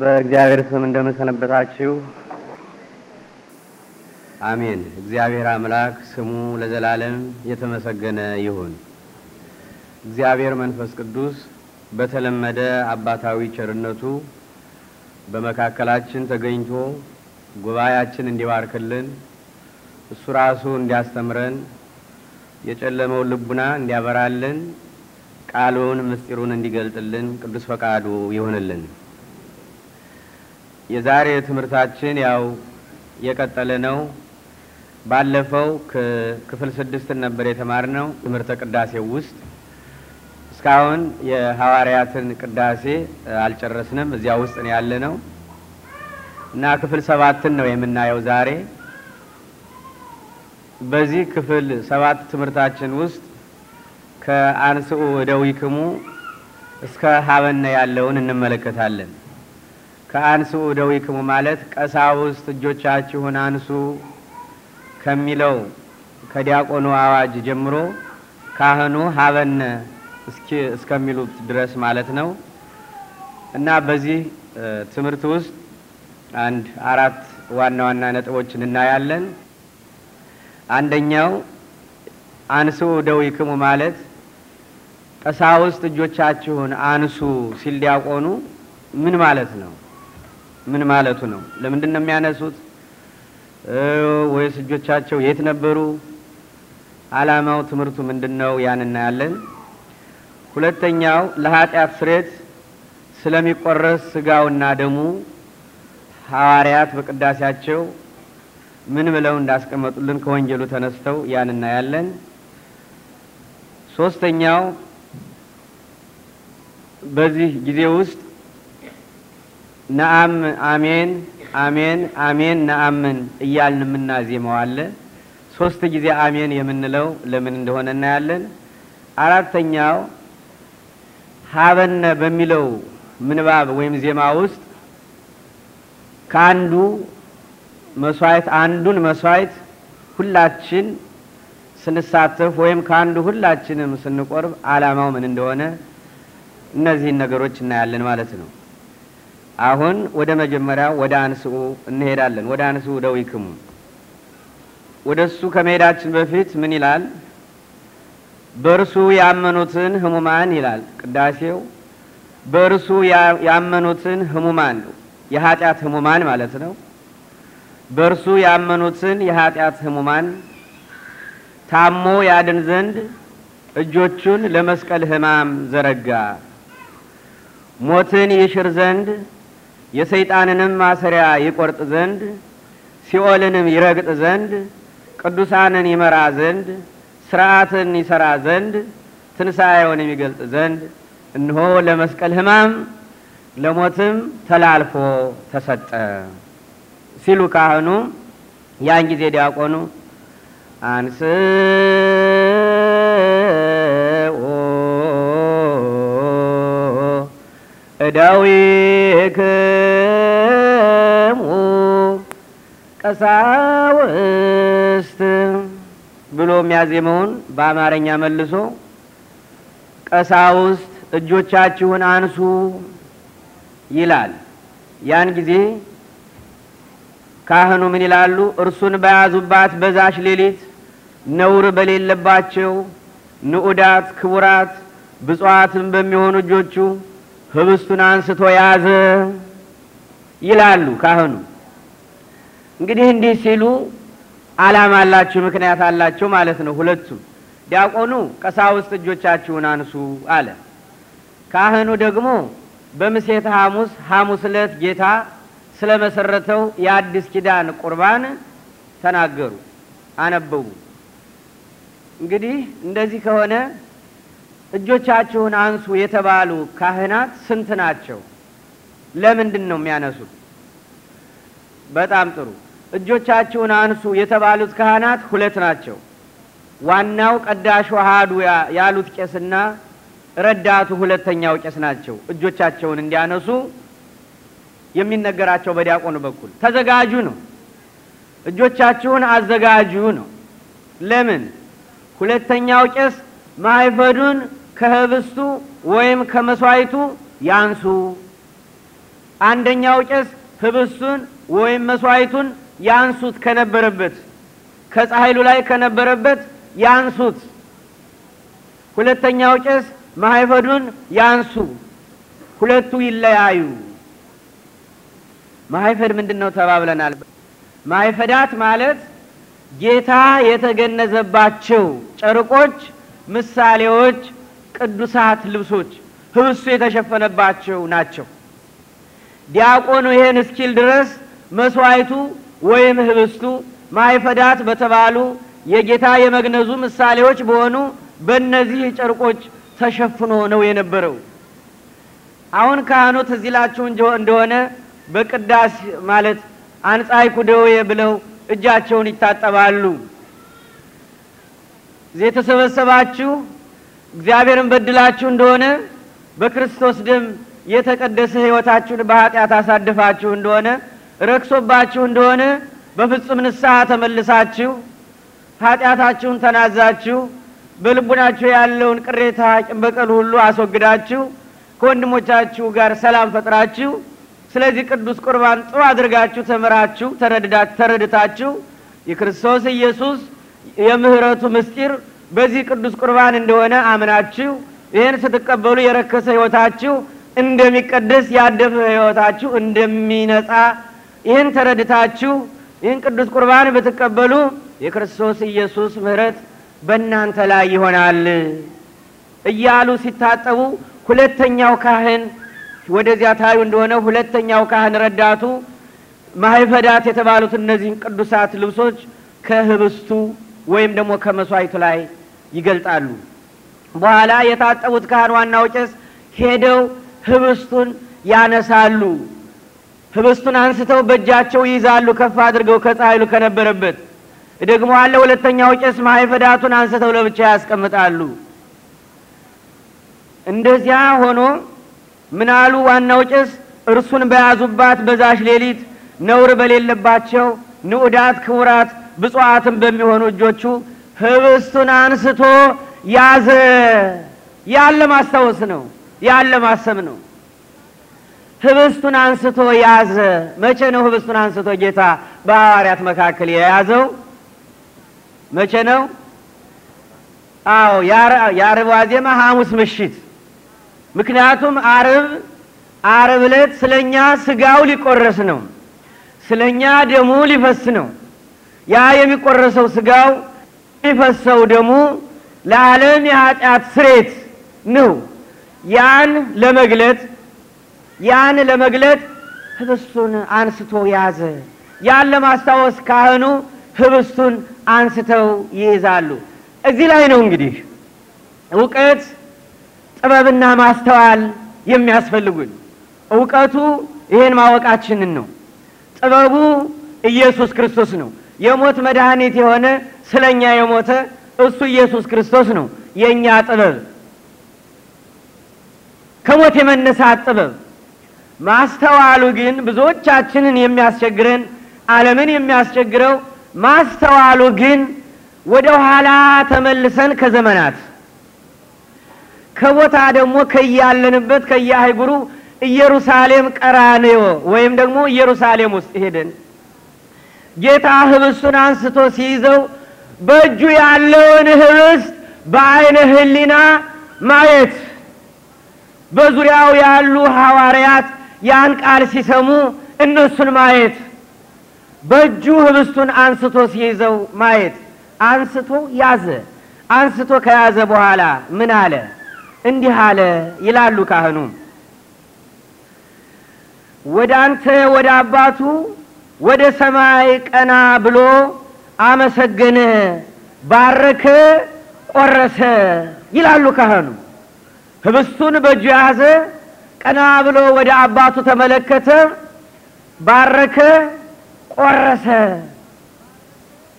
በእግዚአብሔር ስም እንደምንሰነበታችሁ። አሜን። እግዚአብሔር አምላክ ስሙ ለዘላለም የተመሰገነ ይሁን። እግዚአብሔር መንፈስ ቅዱስ በተለመደ አባታዊ ቸርነቱ በመካከላችን ተገኝቶ ጉባኤያችን እንዲባርክልን እሱ ራሱ እንዲያስተምረን የጨለመውን ልቡና እንዲያበራልን ቃሉን ምስጢሩን እንዲገልጥልን ቅዱስ ፈቃዱ ይሆንልን። የዛሬ ትምህርታችን ያው የቀጠለ ነው። ባለፈው ክፍል ስድስትን ነበር የተማርነው ትምህርተ ቅዳሴ ውስጥ እስካሁን የሐዋርያትን ቅዳሴ አልጨረስንም። እዚያ ውስጥ ነው ያለ ነው እና ክፍል ሰባትን ነው የምናየው ዛሬ። በዚህ ክፍል ሰባት ትምህርታችን ውስጥ ከአንስኡ ዊክሙ እስከ ሀበነ ያለውን እንመለከታለን። ከአንሱ እደዊክሙ ማለት ቀሳውስት እጆቻችሁን አንሱ ከሚለው ከዲያቆኑ አዋጅ ጀምሮ ካህኑ ሀበነ እስከሚሉት ድረስ ማለት ነው እና በዚህ ትምህርት ውስጥ አንድ አራት ዋና ዋና ነጥቦች እናያለን። አንደኛው አንሱ እደዊክሙ ማለት ቀሳውስት እጆቻችሁን አንሱ ሲል ዲያቆኑ ምን ማለት ነው? ምን ማለቱ ነው? ለምንድን ነው የሚያነሱት? ወይስ እጆቻቸው የት ነበሩ? አላማው ትምህርቱ ምንድን ነው? ያን እናያለን። ሁለተኛው ለኃጢአት ስሬት ስለሚቆረስ ስጋውና ደሙ ሐዋርያት በቅዳሴያቸው ምን ብለው እንዳስቀመጡልን ከወንጌሉ ተነስተው ያን እናያለን። ሶስተኛው በዚህ ጊዜ ውስጥ ነአም አሜን አሜን አሜን ነአምን እያልን የምናዜመው አለ። ሶስት ጊዜ አሜን የምንለው ለምን እንደሆነ እናያለን። አራተኛው ሀበነ በሚለው ምንባብ ወይም ዜማ ውስጥ ከአንዱ መስዋዕት አንዱን መስዋዕት ሁላችን ስንሳተፍ ወይም ከአንዱ ሁላችንም ስንቆርብ ዓላማው ምን እንደሆነ እነዚህን ነገሮች እናያለን ማለት ነው። አሁን ወደ መጀመሪያ ወደ አንስኡ እንሄዳለን። ወደ አንስኡ ደዊክሙ ወደ እሱ ከመሄዳችን በፊት ምን ይላል? በእርሱ ያመኑትን ህሙማን ይላል ቅዳሴው። በእርሱ ያመኑትን ህሙማን የኃጢአት ህሙማን ማለት ነው። በእርሱ ያመኑትን የኃጢአት ህሙማን ታሞ ያድን ዘንድ እጆቹን ለመስቀል ህማም ዘረጋ ሞትን ይሽር ዘንድ የሰይጣንንም ማሰሪያ ይቆርጥ ዘንድ ሲኦልንም ይረግጥ ዘንድ ቅዱሳንን ይመራ ዘንድ ስርዓትን ይሰራ ዘንድ ትንሣኤውን የሚገልጥ ዘንድ እንሆ ለመስቀል ህማም ለሞትም ተላልፎ ተሰጠ ሲሉ ካህኑ ያን ጊዜ ዲያቆኑ አንስ እዳዊክሙ ቀሳውስት ብሎ የሚያዜመውን በአማርኛ መልሶ ቀሳውስት እጆቻችሁን አንሱ ይላል። ያን ጊዜ ካህኑ ምን ይላሉ? እርሱን በያዙባት በዛሽ ሌሊት ነውር በሌለባቸው ንዑዳት ክቡራት ብፁዓትም በሚሆኑ እጆቹ ህብስቱን አንስቶ ያዘ ይላሉ ካህኑ። እንግዲህ እንዲህ ሲሉ አላማ አላችሁ፣ ምክንያት አላቸው ማለት ነው። ሁለቱም ዲያቆኑ ቀሳውስት እጆቻችሁን አንሱ አለ። ካህኑ ደግሞ በምሴተ ሐሙስ ሐሙስ ዕለት ጌታ ስለ መሰረተው የአዲስ ኪዳን ቁርባን ተናገሩ፣ አነበቡ። እንግዲህ እንደዚህ ከሆነ እጆቻችሁን አንሱ የተባሉ ካህናት ስንት ናቸው? ለምንድን ነው የሚያነሱት? በጣም ጥሩ። እጆቻችሁን አንሱ የተባሉት ካህናት ሁለት ናቸው። ዋናው ቀዳሹ አሃዱ ያሉት ቄስና ረዳቱ ሁለተኛው ቄስ ናቸው። እጆቻቸውን እንዲያነሱ የሚነገራቸው በዲያቆኑ በኩል ተዘጋጁ ነው። እጆቻችሁን አዘጋጁ ነው። ለምን? ሁለተኛው ቄስ ማይፈዱን ከህብስቱ ወይም ከመስዋይቱ ያንሱ። አንደኛው ቄስ ህብስቱን ወይም መስዋይቱን ያንሱት ከነበረበት ከፀሐይሉ ላይ ከነበረበት ያንሱት። ሁለተኛው ቄስ ማይፈዱን ያንሱ። ሁለቱ ይለያዩ። ማይፈድ ምንድን ነው ተባብለናል። ማይፈዳት ማለት ጌታ የተገነዘባቸው ጨርቆች ምሳሌዎች ቅዱሳት ልብሶች ህብሱ የተሸፈነባቸው ናቸው። ዲያቆኑ ይሄን እስኪል ድረስ መስዋዕቱ ወይም ህብስቱ ማይፈዳት በተባሉ የጌታ የመግነዙ ምሳሌዎች በሆኑ በእነዚህ ጨርቆች ተሸፍኖ ነው የነበረው። አሁን ካህኑ ትዝ እንደሆነ በቅዳሴ ማለት አንጻይ ደዌ ብለው እጃቸውን ይታጠባሉ። እዚህ የተሰበሰባችሁ እግዚአብሔርን በድላችሁ እንደሆነ በክርስቶስ ደም የተቀደሰ ሕይወታችሁን በኃጢአት አሳድፋችሁ እንደሆነ ረክሶባችሁ እንደሆነ በፍጹም ንስሐ ተመልሳችሁ ኃጢአታችሁን ተናዛችሁ በልቡናችሁ ያለውን ቅሬታ፣ ጭንበቀል በቀል ሁሉ አስወግዳችሁ ከወንድሞቻችሁ ጋር ሰላም ፈጥራችሁ ስለዚህ ቅዱስ ቁርባን ጥሩ አድርጋችሁ ተምራችሁ ተረድታችሁ የክርስቶስ ኢየሱስ የምህረቱ ምስጢር በዚህ ቅዱስ ቁርባን እንደሆነ አምናችሁ ይህን ስትቀበሉ የረከሰ ህይወታችሁ እንደሚቀደስ ያደፈ ህይወታችሁ እንደሚነጻ ይህን ተረድታችሁ ይህን ቅዱስ ቁርባን ብትቀበሉ የክርስቶስ ኢየሱስ ምህረት በእናንተ ላይ ይሆናል እያሉ ሲታጠቡ ሁለተኛው ካህን ወደዚያ ታዩ እንደሆነ ሁለተኛው ካህን ረዳቱ ማይፈዳት የተባሉት እነዚህን ቅዱሳት ልብሶች ከህብስቱ ወይም ደግሞ ከመስዋዕቱ ላይ ይገልጣሉ። በኋላ የታጠቡት ካህን ዋናው ጭስ ሄደው ህብስቱን ያነሳሉ። ህብስቱን አንስተው በእጃቸው ይይዛሉ፣ ከፍ አድርገው ከፀሐይሉ ከነበረበት ደግሞ አለ። ሁለተኛው ጭስ ማይፈዳቱን አንስተው ለብቻ ያስቀምጣሉ። እንደዚያ ሆኖ ምናሉ ዋናው ጭስ እርሱን በያዙባት በዛሽ ሌሊት ነውር በሌለባቸው ንዑዳት ክቡራት ብፁዓትም በሚሆኑ እጆቹ ህብስቱን አንስቶ ያዘ። ያለ ማስታወስ ነው፣ ያለ ማሰብ ነው። ህብስቱን አንስቶ ያዘ። መቼ ነው ህብስቱን አንስቶ ጌታ በሐዋርያት መካከል የያዘው? መቼ ነው? አዎ የአርብ ዋዜማ ሐሙስ ምሽት። ምክንያቱም አርብ አርብ ዕለት ስለኛ ስጋው ሊቆረስ ነው፣ ስለኛ ደሙ ሊፈስ ነው። ያ የሚቆረሰው ስጋው የሚፈሰው ደሙ ለዓለም የኃጢአት ስሬት ነው። ያን ለመግለጥ ያን ለመግለጥ ህብስቱን አንስቶ ያዘ። ያን ለማስታወስ ካህኑ ህብስቱን አንስተው ይይዛሉ። እዚህ ላይ ነው እንግዲህ እውቀት ጥበብና ማስተዋል የሚያስፈልጉን። እውቀቱ ይሄን ማወቃችንን ነው። ጥበቡ ኢየሱስ ክርስቶስ ነው። የሞት መድኃኒት የሆነ ስለ እኛ የሞተ እሱ ኢየሱስ ክርስቶስ ነው። የእኛ ጥበብ ከሞት የመነሳት ጥበብ። ማስተዋሉ ግን ብዙዎቻችንን የሚያስቸግረን ዓለምን የሚያስቸግረው ማስተዋሉ ግን ወደ ኋላ ተመልሰን ከዘመናት ከቦታ ደግሞ ከያለንበት ከየአህጉሩ ኢየሩሳሌም ቀራንዮ ወይም ደግሞ ኢየሩሳሌም ውስጥ ሄደን ጌታ ህብስቱን አንስቶ ሲይዘው በእጁ ያለውን ህብስት በአይነ ህሊና ማየት በዙሪያው ያሉ ሐዋርያት ያን ቃል ሲሰሙ እነሱን ማየት በእጁ ህብስቱን አንስቶ ሲይዘው ማየት አንስቶ ያዘ። አንስቶ ከያዘ በኋላ ምን አለ? እንዲህ አለ ይላሉ ካህኑ ወደ አንተ ወደ አባቱ ወደ ሰማይ ቀና ብሎ አመሰገነ፣ ባረከ፣ ቆረሰ ይላሉ ካህኑ። ህብስቱን በእጁ ያዘ፣ ቀና ብሎ ወደ አባቱ ተመለከተ፣ ባረከ፣ ቆረሰ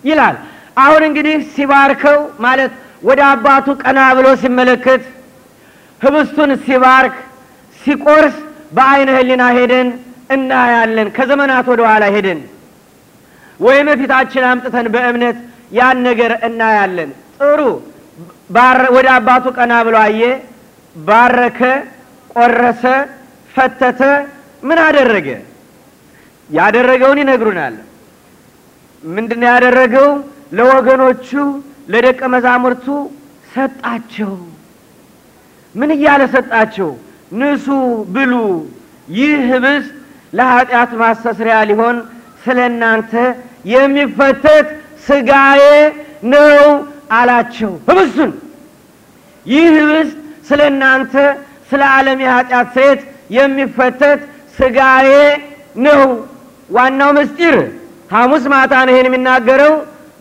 ይላል። አሁን እንግዲህ ሲባርከው ማለት ወደ አባቱ ቀና ብሎ ሲመለከት ህብስቱን ሲባርክ ሲቆርስ በአይነ ህሊና ሄደን እናያለን። ከዘመናት ወደ ኋላ ሄደን ወይም ፊታችን አምጥተን በእምነት ያን ነገር እናያለን። ጥሩ ወደ አባቱ ቀና ብሎ አየ፣ ባረከ፣ ቆረሰ፣ ፈተተ። ምን አደረገ? ያደረገውን ይነግሩናል። ምንድን ያደረገው? ለወገኖቹ ለደቀ መዛሙርቱ ሰጣቸው። ምን እያለ ሰጣቸው? ንሱ ብሉ፣ ይህ ህብስት ለኃጢአት ማስተስሪያ ሊሆን ስለ እናንተ የሚፈተት ስጋዬ ነው አላቸው። ህብስቱን ይህ ህብስት ስለ እናንተ ስለ ዓለም የኃጢአት ስሬት የሚፈተት ስጋዬ ነው። ዋናው ምስጢር ሐሙስ ማታ ነው የሚናገረው።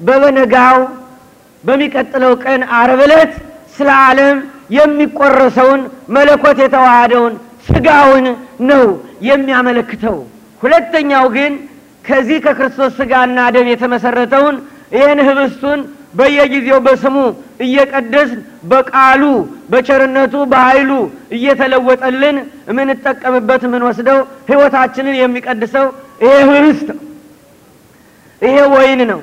በበነጋው በሚቀጥለው ቀን ዓርብ ዕለት ስለ ዓለም የሚቆረሰውን መለኮት የተዋሃደውን ስጋውን ነው የሚያመለክተው። ሁለተኛው ግን ከዚህ ከክርስቶስ ስጋና ደም የተመሰረተውን ይህን ህብስቱን በየጊዜው በስሙ እየቀደስን በቃሉ በቸርነቱ በኃይሉ እየተለወጠልን የምንጠቀምበት የምንወስደው ህይወታችንን የሚቀድሰው ይሄ ህብስት ነው። ይሄ ወይን ነው።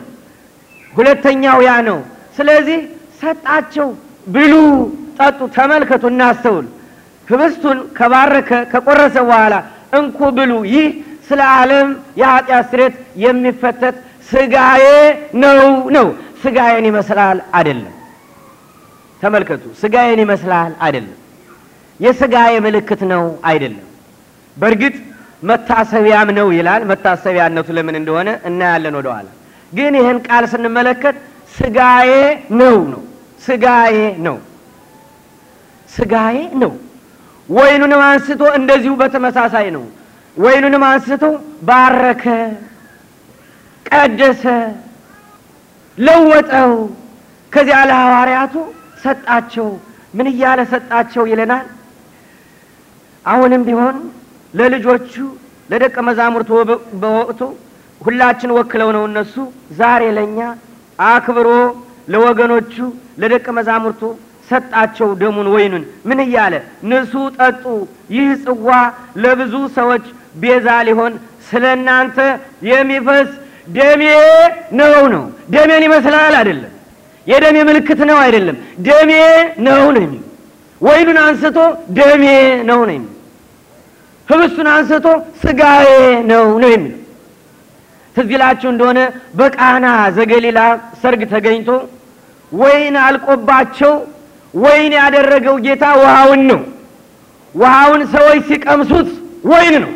ሁለተኛው ያ ነው። ስለዚህ ሰጣቸው፣ ብሉ፣ ጠጡ። ተመልከቱ፣ እናስተውል። ህብስቱን ከባረከ ከቆረሰ በኋላ እንኩ ብሉ፣ ይህ ስለ ዓለም የኃጢአት ስሬት የሚፈተት ስጋዬ ነው ነው። ስጋዬን ይመስላል አይደለም። ተመልከቱ፣ ስጋዬን ይመስላል አይደለም። የስጋዬ ምልክት ነው አይደለም። በእርግጥ መታሰቢያም ነው ይላል። መታሰቢያነቱ ለምን እንደሆነ እናያለን ወደኋላ። ግን ይህን ቃል ስንመለከት ስጋዬ ነው ነው። ስጋዬ ነው፣ ስጋዬ ነው ወይኑንም አንስቶ እንደዚሁ በተመሳሳይ ነው። ወይኑንም አንስቶ ባረከ፣ ቀደሰ፣ ለወጠው። ከዚያ ለሐዋርያቱ ሰጣቸው። ምን እያለ ሰጣቸው ይለናል። አሁንም ቢሆን ለልጆቹ ለደቀ መዛሙርቱ በወቅቱ ሁላችን ወክለው ነው እነሱ ዛሬ ለእኛ አክብሮ ለወገኖቹ ለደቀ መዛሙርቱ ሰጣቸው ደሙን ወይኑን ምን እያለ ንሱ ጠጡ ይህ ጽዋ ለብዙ ሰዎች ቤዛ ሊሆን ስለ እናንተ የሚፈስ ደሜ ነው ነው ደሜን ይመስላል አይደለም የደሜ ምልክት ነው አይደለም ደሜ ነው ነው የሚ ወይኑን አንስቶ ደሜ ነው ነው የሚ ህብስቱን አንስቶ ስጋዬ ነው ነው የሚ ትዝ እንደሆነ በቃና ዘገሊላ ሰርግ ተገኝቶ ወይን አልቆባቸው ወይን ያደረገው ጌታ ውሃውን ነው። ውሃውን ሰዎች ሲቀምሱት ወይን ነው።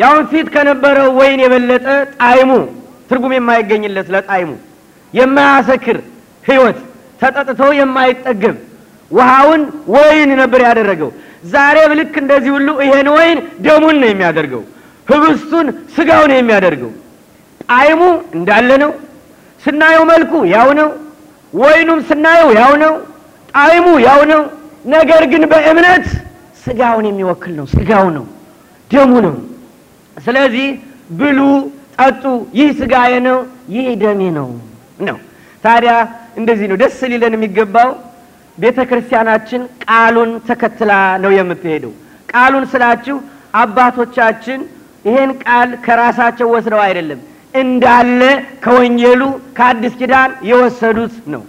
ያሁን ፊት ከነበረው ወይን የበለጠ ጣይሙ ትርጉም የማይገኝለት ለጣይሙ የማያሰክር ህይወት ተጠጥቶ የማይጠገብ ውሃውን ወይን ነበር ያደረገው። ዛሬም ልክ እንደዚህ ሁሉ ይሄን ወይን ደሙን ነው የሚያደርገው። ህብስቱን ስጋውን ነው የሚያደርገው። ጣዕሙ እንዳለ ነው። ስናየው መልኩ ያው ነው። ወይኑም ስናየው ያው ነው። ጣዕሙ ያው ነው። ነገር ግን በእምነት ስጋውን የሚወክል ነው፣ ስጋው ነው፣ ደሙ ነው። ስለዚህ ብሉ፣ ጠጡ፣ ይህ ስጋዬ ነው፣ ይህ ደሜ ነው ነው። ታዲያ እንደዚህ ነው ደስ ሊለን የሚገባው። ቤተ ክርስቲያናችን ቃሉን ተከትላ ነው የምትሄደው። ቃሉን ስላችሁ አባቶቻችን ይሄን ቃል ከራሳቸው ወስደው አይደለም፣ እንዳለ ከወንጌሉ ከአዲስ ኪዳን የወሰዱት ነው።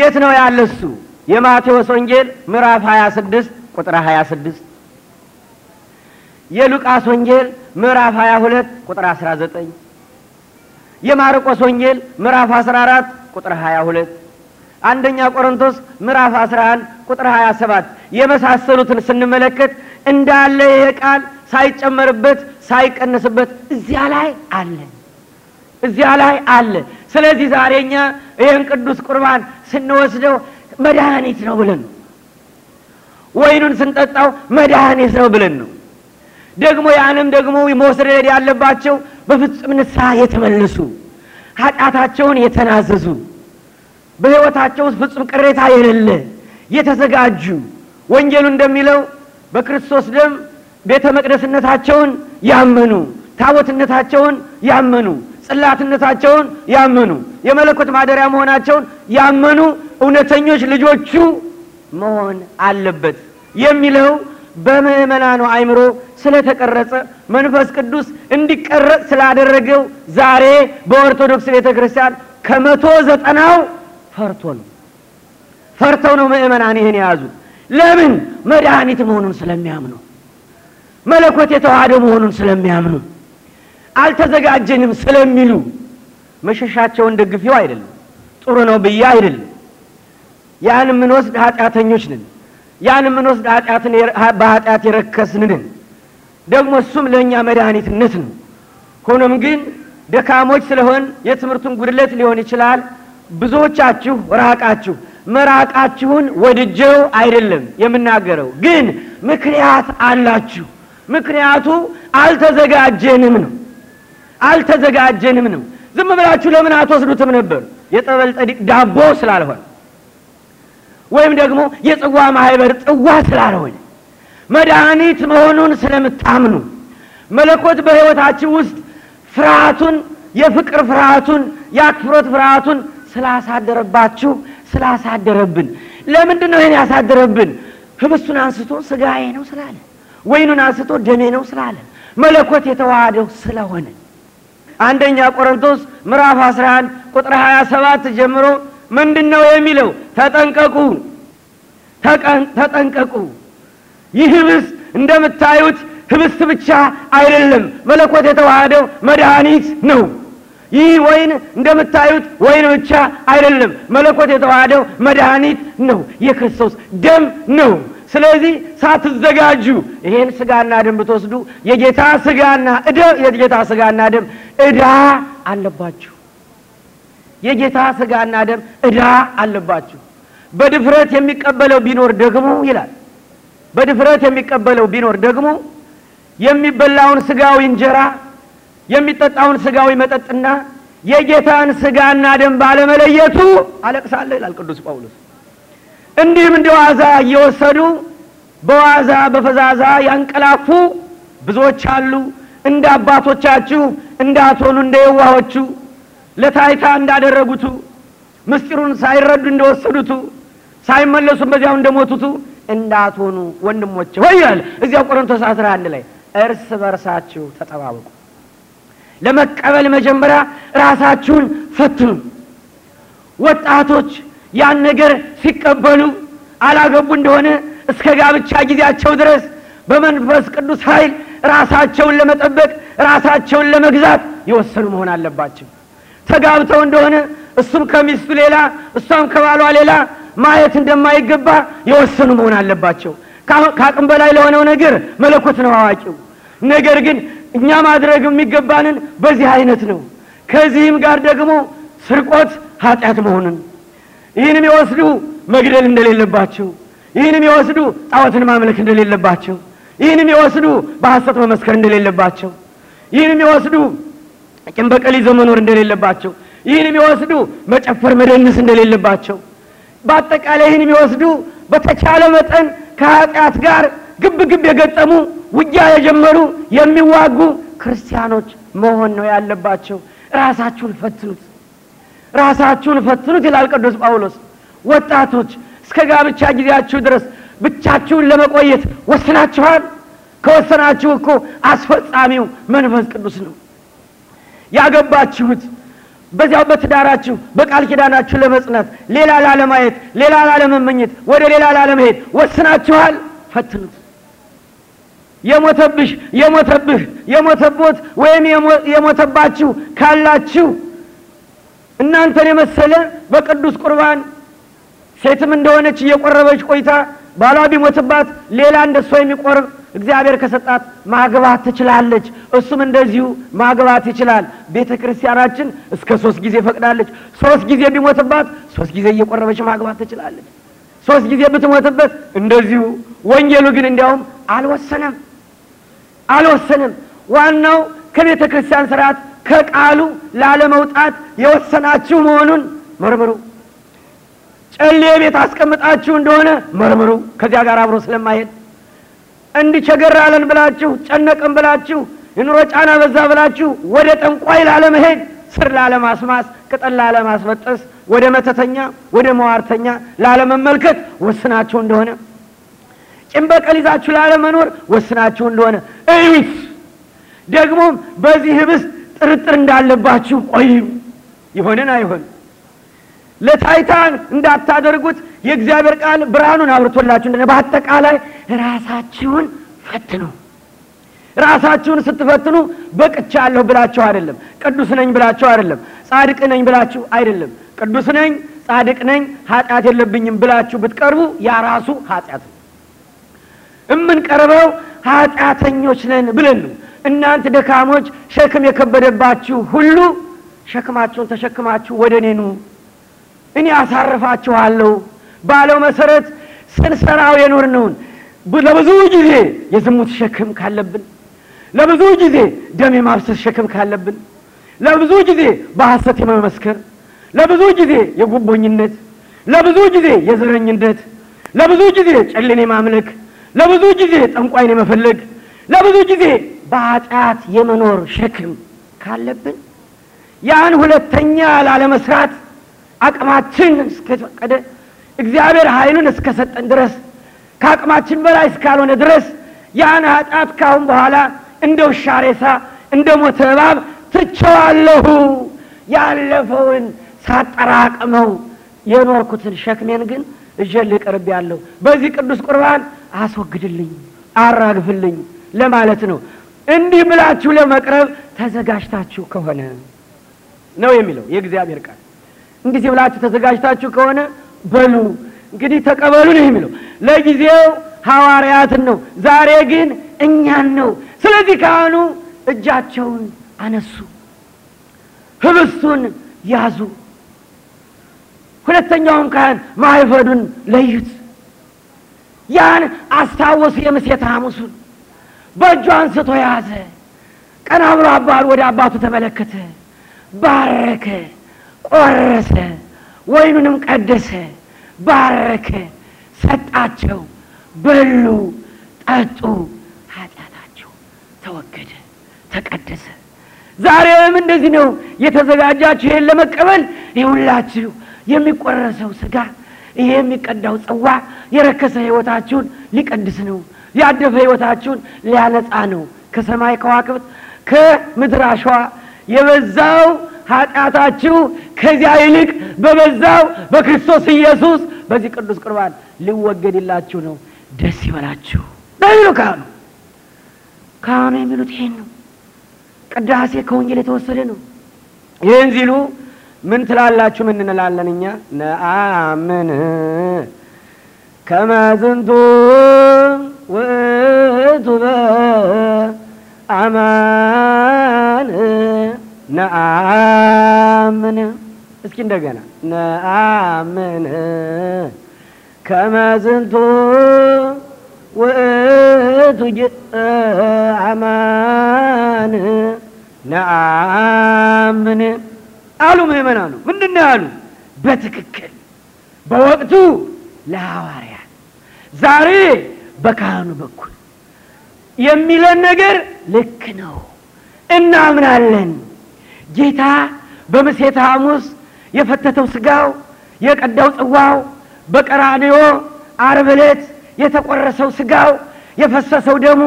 የት ነው ያለ እሱ? የማቴዎስ ወንጌል ምዕራፍ 26 ቁጥር 26 የሉቃስ ወንጌል ምዕራፍ 22 ቁጥር 19 የማርቆስ ወንጌል ምዕራፍ 14 ቁጥር 22 አንደኛ ቆሮንቶስ ምዕራፍ 11 ቁጥር 27 የመሳሰሉትን ስንመለከት እንዳለ ይሄ ቃል ሳይጨመርበት ሳይቀንስበት እዚያ ላይ አለ እዚያ ላይ አለ። ስለዚህ ዛሬኛ ይህን ቅዱስ ቁርባን ስንወስደው መድኃኒት ነው ብለን ነው። ወይኑን ስንጠጣው መድኃኒት ነው ብለን ነው። ደግሞ ያንም ደግሞ መውሰድ ያለባቸው በፍጹም ንስሐ የተመለሱ ኃጢአታቸውን የተናዘዙ በሕይወታቸው ውስጥ ፍጹም ቅሬታ የሌለ የተዘጋጁ ወንጌሉ እንደሚለው በክርስቶስ ደም ቤተ መቅደስነታቸውን ያመኑ፣ ታቦትነታቸውን ያመኑ፣ ጽላትነታቸውን ያመኑ፣ የመለኮት ማደሪያ መሆናቸውን ያመኑ እውነተኞች ልጆቹ መሆን አለበት የሚለው በምዕመናኑ አይምሮ ስለተቀረጸ መንፈስ ቅዱስ እንዲቀረጽ ስላደረገው ዛሬ በኦርቶዶክስ ቤተ ክርስቲያን ከመቶ ዘጠናው ፈርቶ ነው ፈርተው ነው ምእመናን ይህን የያዙ ለምን? መድኃኒት መሆኑን ስለሚያምኑ፣ መለኮት የተዋህደ መሆኑን ስለሚያምኑ፣ አልተዘጋጀንም ስለሚሉ መሸሻቸውን ደግፊው አይደለም፣ ጥሩ ነው ብዬ አይደለም ያን የምንወስድ ኃጢአተኞች ነን። ያን የምንወስድ በኃጢአት የረከስን ነን። ደግሞ እሱም ለእኛ መድኃኒትነት ነው። ሆኖም ግን ደካሞች ስለሆን የትምህርቱን ጉድለት ሊሆን ይችላል ብዙዎቻችሁ ራቃችሁ። መራቃችሁን ወድጀው አይደለም የምናገረው፣ ግን ምክንያት አላችሁ። ምክንያቱ አልተዘጋጀንም ነው። አልተዘጋጀንም ነው። ዝም ብላችሁ ለምን አትወስዱትም ነበር? የጠበል ጠዲቅ ዳቦ ስላልሆነ ወይም ደግሞ የጽዋ ማህበር ጽዋ ስላልሆነ መድኃኒት መሆኑን ስለምታምኑ መለኮት በሕይወታችሁ ውስጥ ፍርሃቱን የፍቅር ፍርሃቱን የአክፍሮት ፍርሃቱን ስላሳደረባችሁ ስላሳደረብን ለምንድን ነው ይህን ያሳደረብን? ህብስቱን አንስቶ ስጋዬ ነው ስላለ፣ ወይኑን አንስቶ ደሜ ነው ስላለ፣ መለኮት የተዋሃደው ስለሆነ አንደኛ ቆሮንቶስ ምዕራፍ 11 ቁጥር 27 ጀምሮ ምንድን ነው የሚለው? ተጠንቀቁ፣ ተጠንቀቁ። ይህ ህብስት እንደምታዩት ህብስት ብቻ አይደለም፣ መለኮት የተዋሃደው መድኃኒት ነው። ይህ ወይን እንደምታዩት ወይን ብቻ አይደለም፣ መለኮት የተዋሃደው መድኃኒት ነው። የክርስቶስ ደም ነው። ስለዚህ ሳትዘጋጁ ይሄን ስጋና ደም ብትወስዱ የጌታ ስጋና እዳ የጌታ ስጋና ደም እዳ አለባችሁ። የጌታ ስጋና ደም እዳ አለባችሁ። በድፍረት የሚቀበለው ቢኖር ደግሞ ይላል በድፍረት የሚቀበለው ቢኖር ደግሞ የሚበላውን ስጋዊ እንጀራ የሚጠጣውን ስጋዊ መጠጥና የጌታን ስጋና ደም ባለመለየቱ አለቅሳለ ይላል ቅዱስ ጳውሎስ። እንዲህም እንደ ዋዛ እየወሰዱ በዋዛ በፈዛዛ ያንቀላፉ ብዙዎች አሉ። እንደ አባቶቻችሁ እንዳትሆኑ እንደ የዋዎቹ ለታይታ እንዳደረጉቱ ምስጢሩን ሳይረዱ እንደወሰዱቱ ሳይመለሱም በዚያው እንደሞቱቱ እንዳትሆኑ ወንድሞቼ ወያል እዚያው ቆሮንቶስ አስራ አንድ ላይ እርስ በርሳችሁ ተጠባበቁ። ለመቀበል መጀመሪያ ራሳችሁን ፈትኑ። ወጣቶች ያን ነገር ሲቀበሉ አላገቡ እንደሆነ እስከ ጋብቻ ጊዜያቸው ድረስ በመንፈስ ቅዱስ ኃይል ራሳቸውን ለመጠበቅ ራሳቸውን ለመግዛት የወሰኑ መሆን አለባቸው። ተጋብተው እንደሆነ እሱም ከሚስቱ ሌላ እሷም ከባሏ ሌላ ማየት እንደማይገባ የወሰኑ መሆን አለባቸው። ከአቅም በላይ ለሆነው ነገር መለኮት ነው አዋቂው። ነገር ግን እኛ ማድረግ የሚገባንን በዚህ አይነት ነው። ከዚህም ጋር ደግሞ ስርቆት ኃጢአት መሆኑን ይህን የሚወስዱ መግደል እንደሌለባቸው፣ ይህንም የሚወስዱ ጣዖትን ማምለክ እንደሌለባቸው፣ ይህን የሚወስዱ በሐሰት መመስከር እንደሌለባቸው፣ ይህንም የሚወስዱ ቂም በቀል ይዘው መኖር እንደሌለባቸው፣ ይህን የሚወስዱ መጨፈር መደንስ እንደሌለባቸው፣ በአጠቃላይ ይህን የሚወስዱ በተቻለ መጠን ከኃጢአት ጋር ግብ ግብ የገጠሙ ውጊያ የጀመሩ የሚዋጉ ክርስቲያኖች መሆን ነው ያለባቸው። ራሳችሁን ፈትኑት፣ ራሳችሁን ፈትኑት ይላል ቅዱስ ጳውሎስ። ወጣቶች እስከ ጋብቻ ጊዜያችሁ ድረስ ብቻችሁን ለመቆየት ወስናችኋል? ከወሰናችሁ እኮ አስፈጻሚው መንፈስ ቅዱስ ነው። ያገባችሁት በዚያው በትዳራችሁ በቃል ኪዳናችሁ ለመጽናት ሌላ ላለማየት፣ ሌላ ላለመመኘት፣ ወደ ሌላ ላለመሄድ ወስናችኋል። ፈትኑት። የሞተብሽ የሞተብህ የሞተቦት ወይም የሞተባችሁ ካላችሁ እናንተን የመሰለ በቅዱስ ቁርባን ሴትም እንደሆነች እየቆረበች ቆይታ ባሏ ቢሞትባት ሌላ እንደሷ የሚቆርብ እግዚአብሔር ከሰጣት ማግባት ትችላለች። እሱም እንደዚሁ ማግባት ይችላል። ቤተ ክርስቲያናችን እስከ ሶስት ጊዜ ፈቅዳለች። ሶስት ጊዜ ቢሞትባት ሶስት ጊዜ እየቆረበች ማግባት ትችላለች። ሶስት ጊዜ ብትሞትበት እንደዚሁ። ወንጌሉ ግን እንዲያውም አልወሰነም አልወሰነም። ዋናው ከቤተ ክርስቲያን ስርዓት ከቃሉ ላለመውጣት የወሰናችሁ መሆኑን መርምሩ። ጨሌ ቤት አስቀምጣችሁ እንደሆነ መርምሩ። ከዚያ ጋር አብሮ ስለማይሄድ እንዲህ ቸገር አለን ብላችሁ ጨነቅን ብላችሁ የኑሮ ጫና በዛ ብላችሁ ወደ ጠንቋይ ላለመሄድ፣ ስር ላለማስማስ፣ ቅጠል ላለማስበጠስ፣ ወደ መተተኛ ወደ መዋርተኛ ላለመመልከት ወስናችሁ እንደሆነ ጭንበቀል ይዛችሁ ላለመኖር ወስናችሁ እንደሆነ እዩት። ደግሞም በዚህ ህብስ ጥርጥር እንዳለባችሁ ቆዩ። ይሆንን አይሆን ለታይታን እንዳታደርጉት የእግዚአብሔር ቃል ብርሃኑን አብርቶላችሁ እንደ በአጠቃላይ ራሳችሁን ፈትኑ። ራሳችሁን ስትፈትኑ በቅቻ አለሁ ብላችሁ አይደለም፣ ቅዱስ ነኝ ብላችሁ አይደለም፣ ጻድቅ ነኝ ብላችሁ አይደለም። ቅዱስ ነኝ፣ ጻድቅ ነኝ፣ ኃጢአት የለብኝም ብላችሁ ብትቀርቡ ያ ራሱ ኃጢአት ነው። እምንቀርበው ኃጢአተኞች ነን ብለን ነው። እናንተ ደካሞች፣ ሸክም የከበደባችሁ ሁሉ ሸክማችሁን ተሸክማችሁ ወደ እኔ ኑ እኔ አሳርፋችኋለሁ ባለው መሰረት ስንሰራው የኖርነውን ለብዙ ጊዜ የዝሙት ሸክም ካለብን፣ ለብዙ ጊዜ ደም የማፍሰስ ሸክም ካለብን፣ ለብዙ ጊዜ በሐሰት የመመስከር፣ ለብዙ ጊዜ የጉቦኝነት፣ ለብዙ ጊዜ የዘረኝነት፣ ለብዙ ጊዜ ጨሌን የማምለክ፣ ለብዙ ጊዜ ጠንቋይን የመፈለግ፣ ለብዙ ጊዜ በኃጢአት የመኖር ሸክም ካለብን ያን ሁለተኛ ላለመስራት አቅማችን እስከፈቀደ እግዚአብሔር ኃይሉን እስከሰጠን ድረስ ከአቅማችን በላይ እስካልሆነ ድረስ ያን ኃጢአት ካሁን በኋላ እንደ ውሻ ሬሳ እንደ ሞተ እባብ ትቸዋለሁ። ያለፈውን ሳጠራቅመው የኖርኩትን ሸክሜን ግን እጀል ቅርብ ያለሁ በዚህ ቅዱስ ቁርባን አስወግድልኝ፣ አራግፍልኝ ለማለት ነው። እንዲህ ብላችሁ ለመቅረብ ተዘጋጅታችሁ ከሆነ ነው የሚለው የእግዚአብሔር ቃል። እንግዲህ ብላችሁ ተዘጋጅታችሁ ከሆነ በሉ እንግዲህ ተቀበሉ ነው የሚለው። ለጊዜው ሐዋርያትን ነው፣ ዛሬ ግን እኛን ነው። ስለዚህ ካህኑ እጃቸውን አነሱ፣ ህብስቱን ያዙ። ሁለተኛውም ካህን ማይፈዱን ለዩት፣ ያን አስታወሱ። የምሴት ሐሙሱን በእጁ አንስቶ ያዘ። ቀና ብሎ አባሉ ወደ አባቱ ተመለከተ፣ ባረከ። ቆረሰ፣ ወይኑንም ቀደሰ፣ ባረከ፣ ሰጣቸው። በሉ፣ ጠጡ፣ ኃጢአታቸው ተወገደ፣ ተቀደሰ። ዛሬም እንደዚህ ነው። የተዘጋጃችሁ ይህን ለመቀበል ይሁላችሁ። የሚቆረሰው ስጋ፣ ይሄ የሚቀዳው ጽዋ የረከሰ ህይወታችሁን ሊቀድስ ነው። ያደፈ ህይወታችሁን ሊያነጻ ነው። ከሰማይ ከዋክብት ከምድር አሸዋ የበዛው ኃጢአታችሁ ከዚያ ይልቅ በበዛው በክርስቶስ ኢየሱስ በዚህ ቅዱስ ቁርባን ሊወገድላችሁ ነው፣ ደስ ይበላችሁ ነው ካህኑ ካህኑ የሚሉት ይሄን ነው። ቅዳሴ ከወንጌል የተወሰደ ነው። ይህን ሲሉ ምን ትላላችሁ? ምን እንላለን እኛ? ነአምን ከመዝንቱ ውእቱ በአማን ነአምን እስኪ እንደገና ነአምን ከመዝንቱ ውእቱ አማን ነአምን አሉ ምእመናኑ። ምንድን ነው ያሉ? በትክክል በወቅቱ ለሐዋርያት ዛሬ በካህኑ በኩል የሚለን ነገር ልክ ነው፣ እናምናለን ጌታ በምሴተ ሐሙስ የፈተተው ስጋው የቀዳው ጽዋው በቀራንዮ ዓርብ ዕለት የተቆረሰው ስጋው የፈሰሰው ደሙ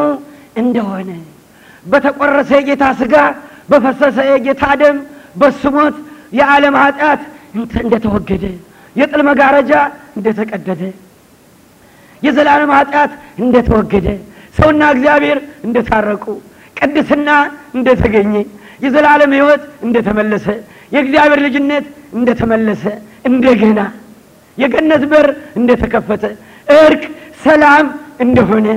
እንደሆነ በተቆረሰ የጌታ ስጋ በፈሰሰ የጌታ ደም በስሞት የዓለም ኃጢአት እንደተወገደ የጥል መጋረጃ እንደተቀደደ የዘላለም ኃጢአት እንደተወገደ ሰውና እግዚአብሔር እንደታረቁ ቅድስና እንደተገኘ የዘላለም ህይወት እንደተመለሰ የእግዚአብሔር ልጅነት እንደተመለሰ እንደገና የገነት በር እንደተከፈተ እርቅ፣ ሰላም እንደሆነ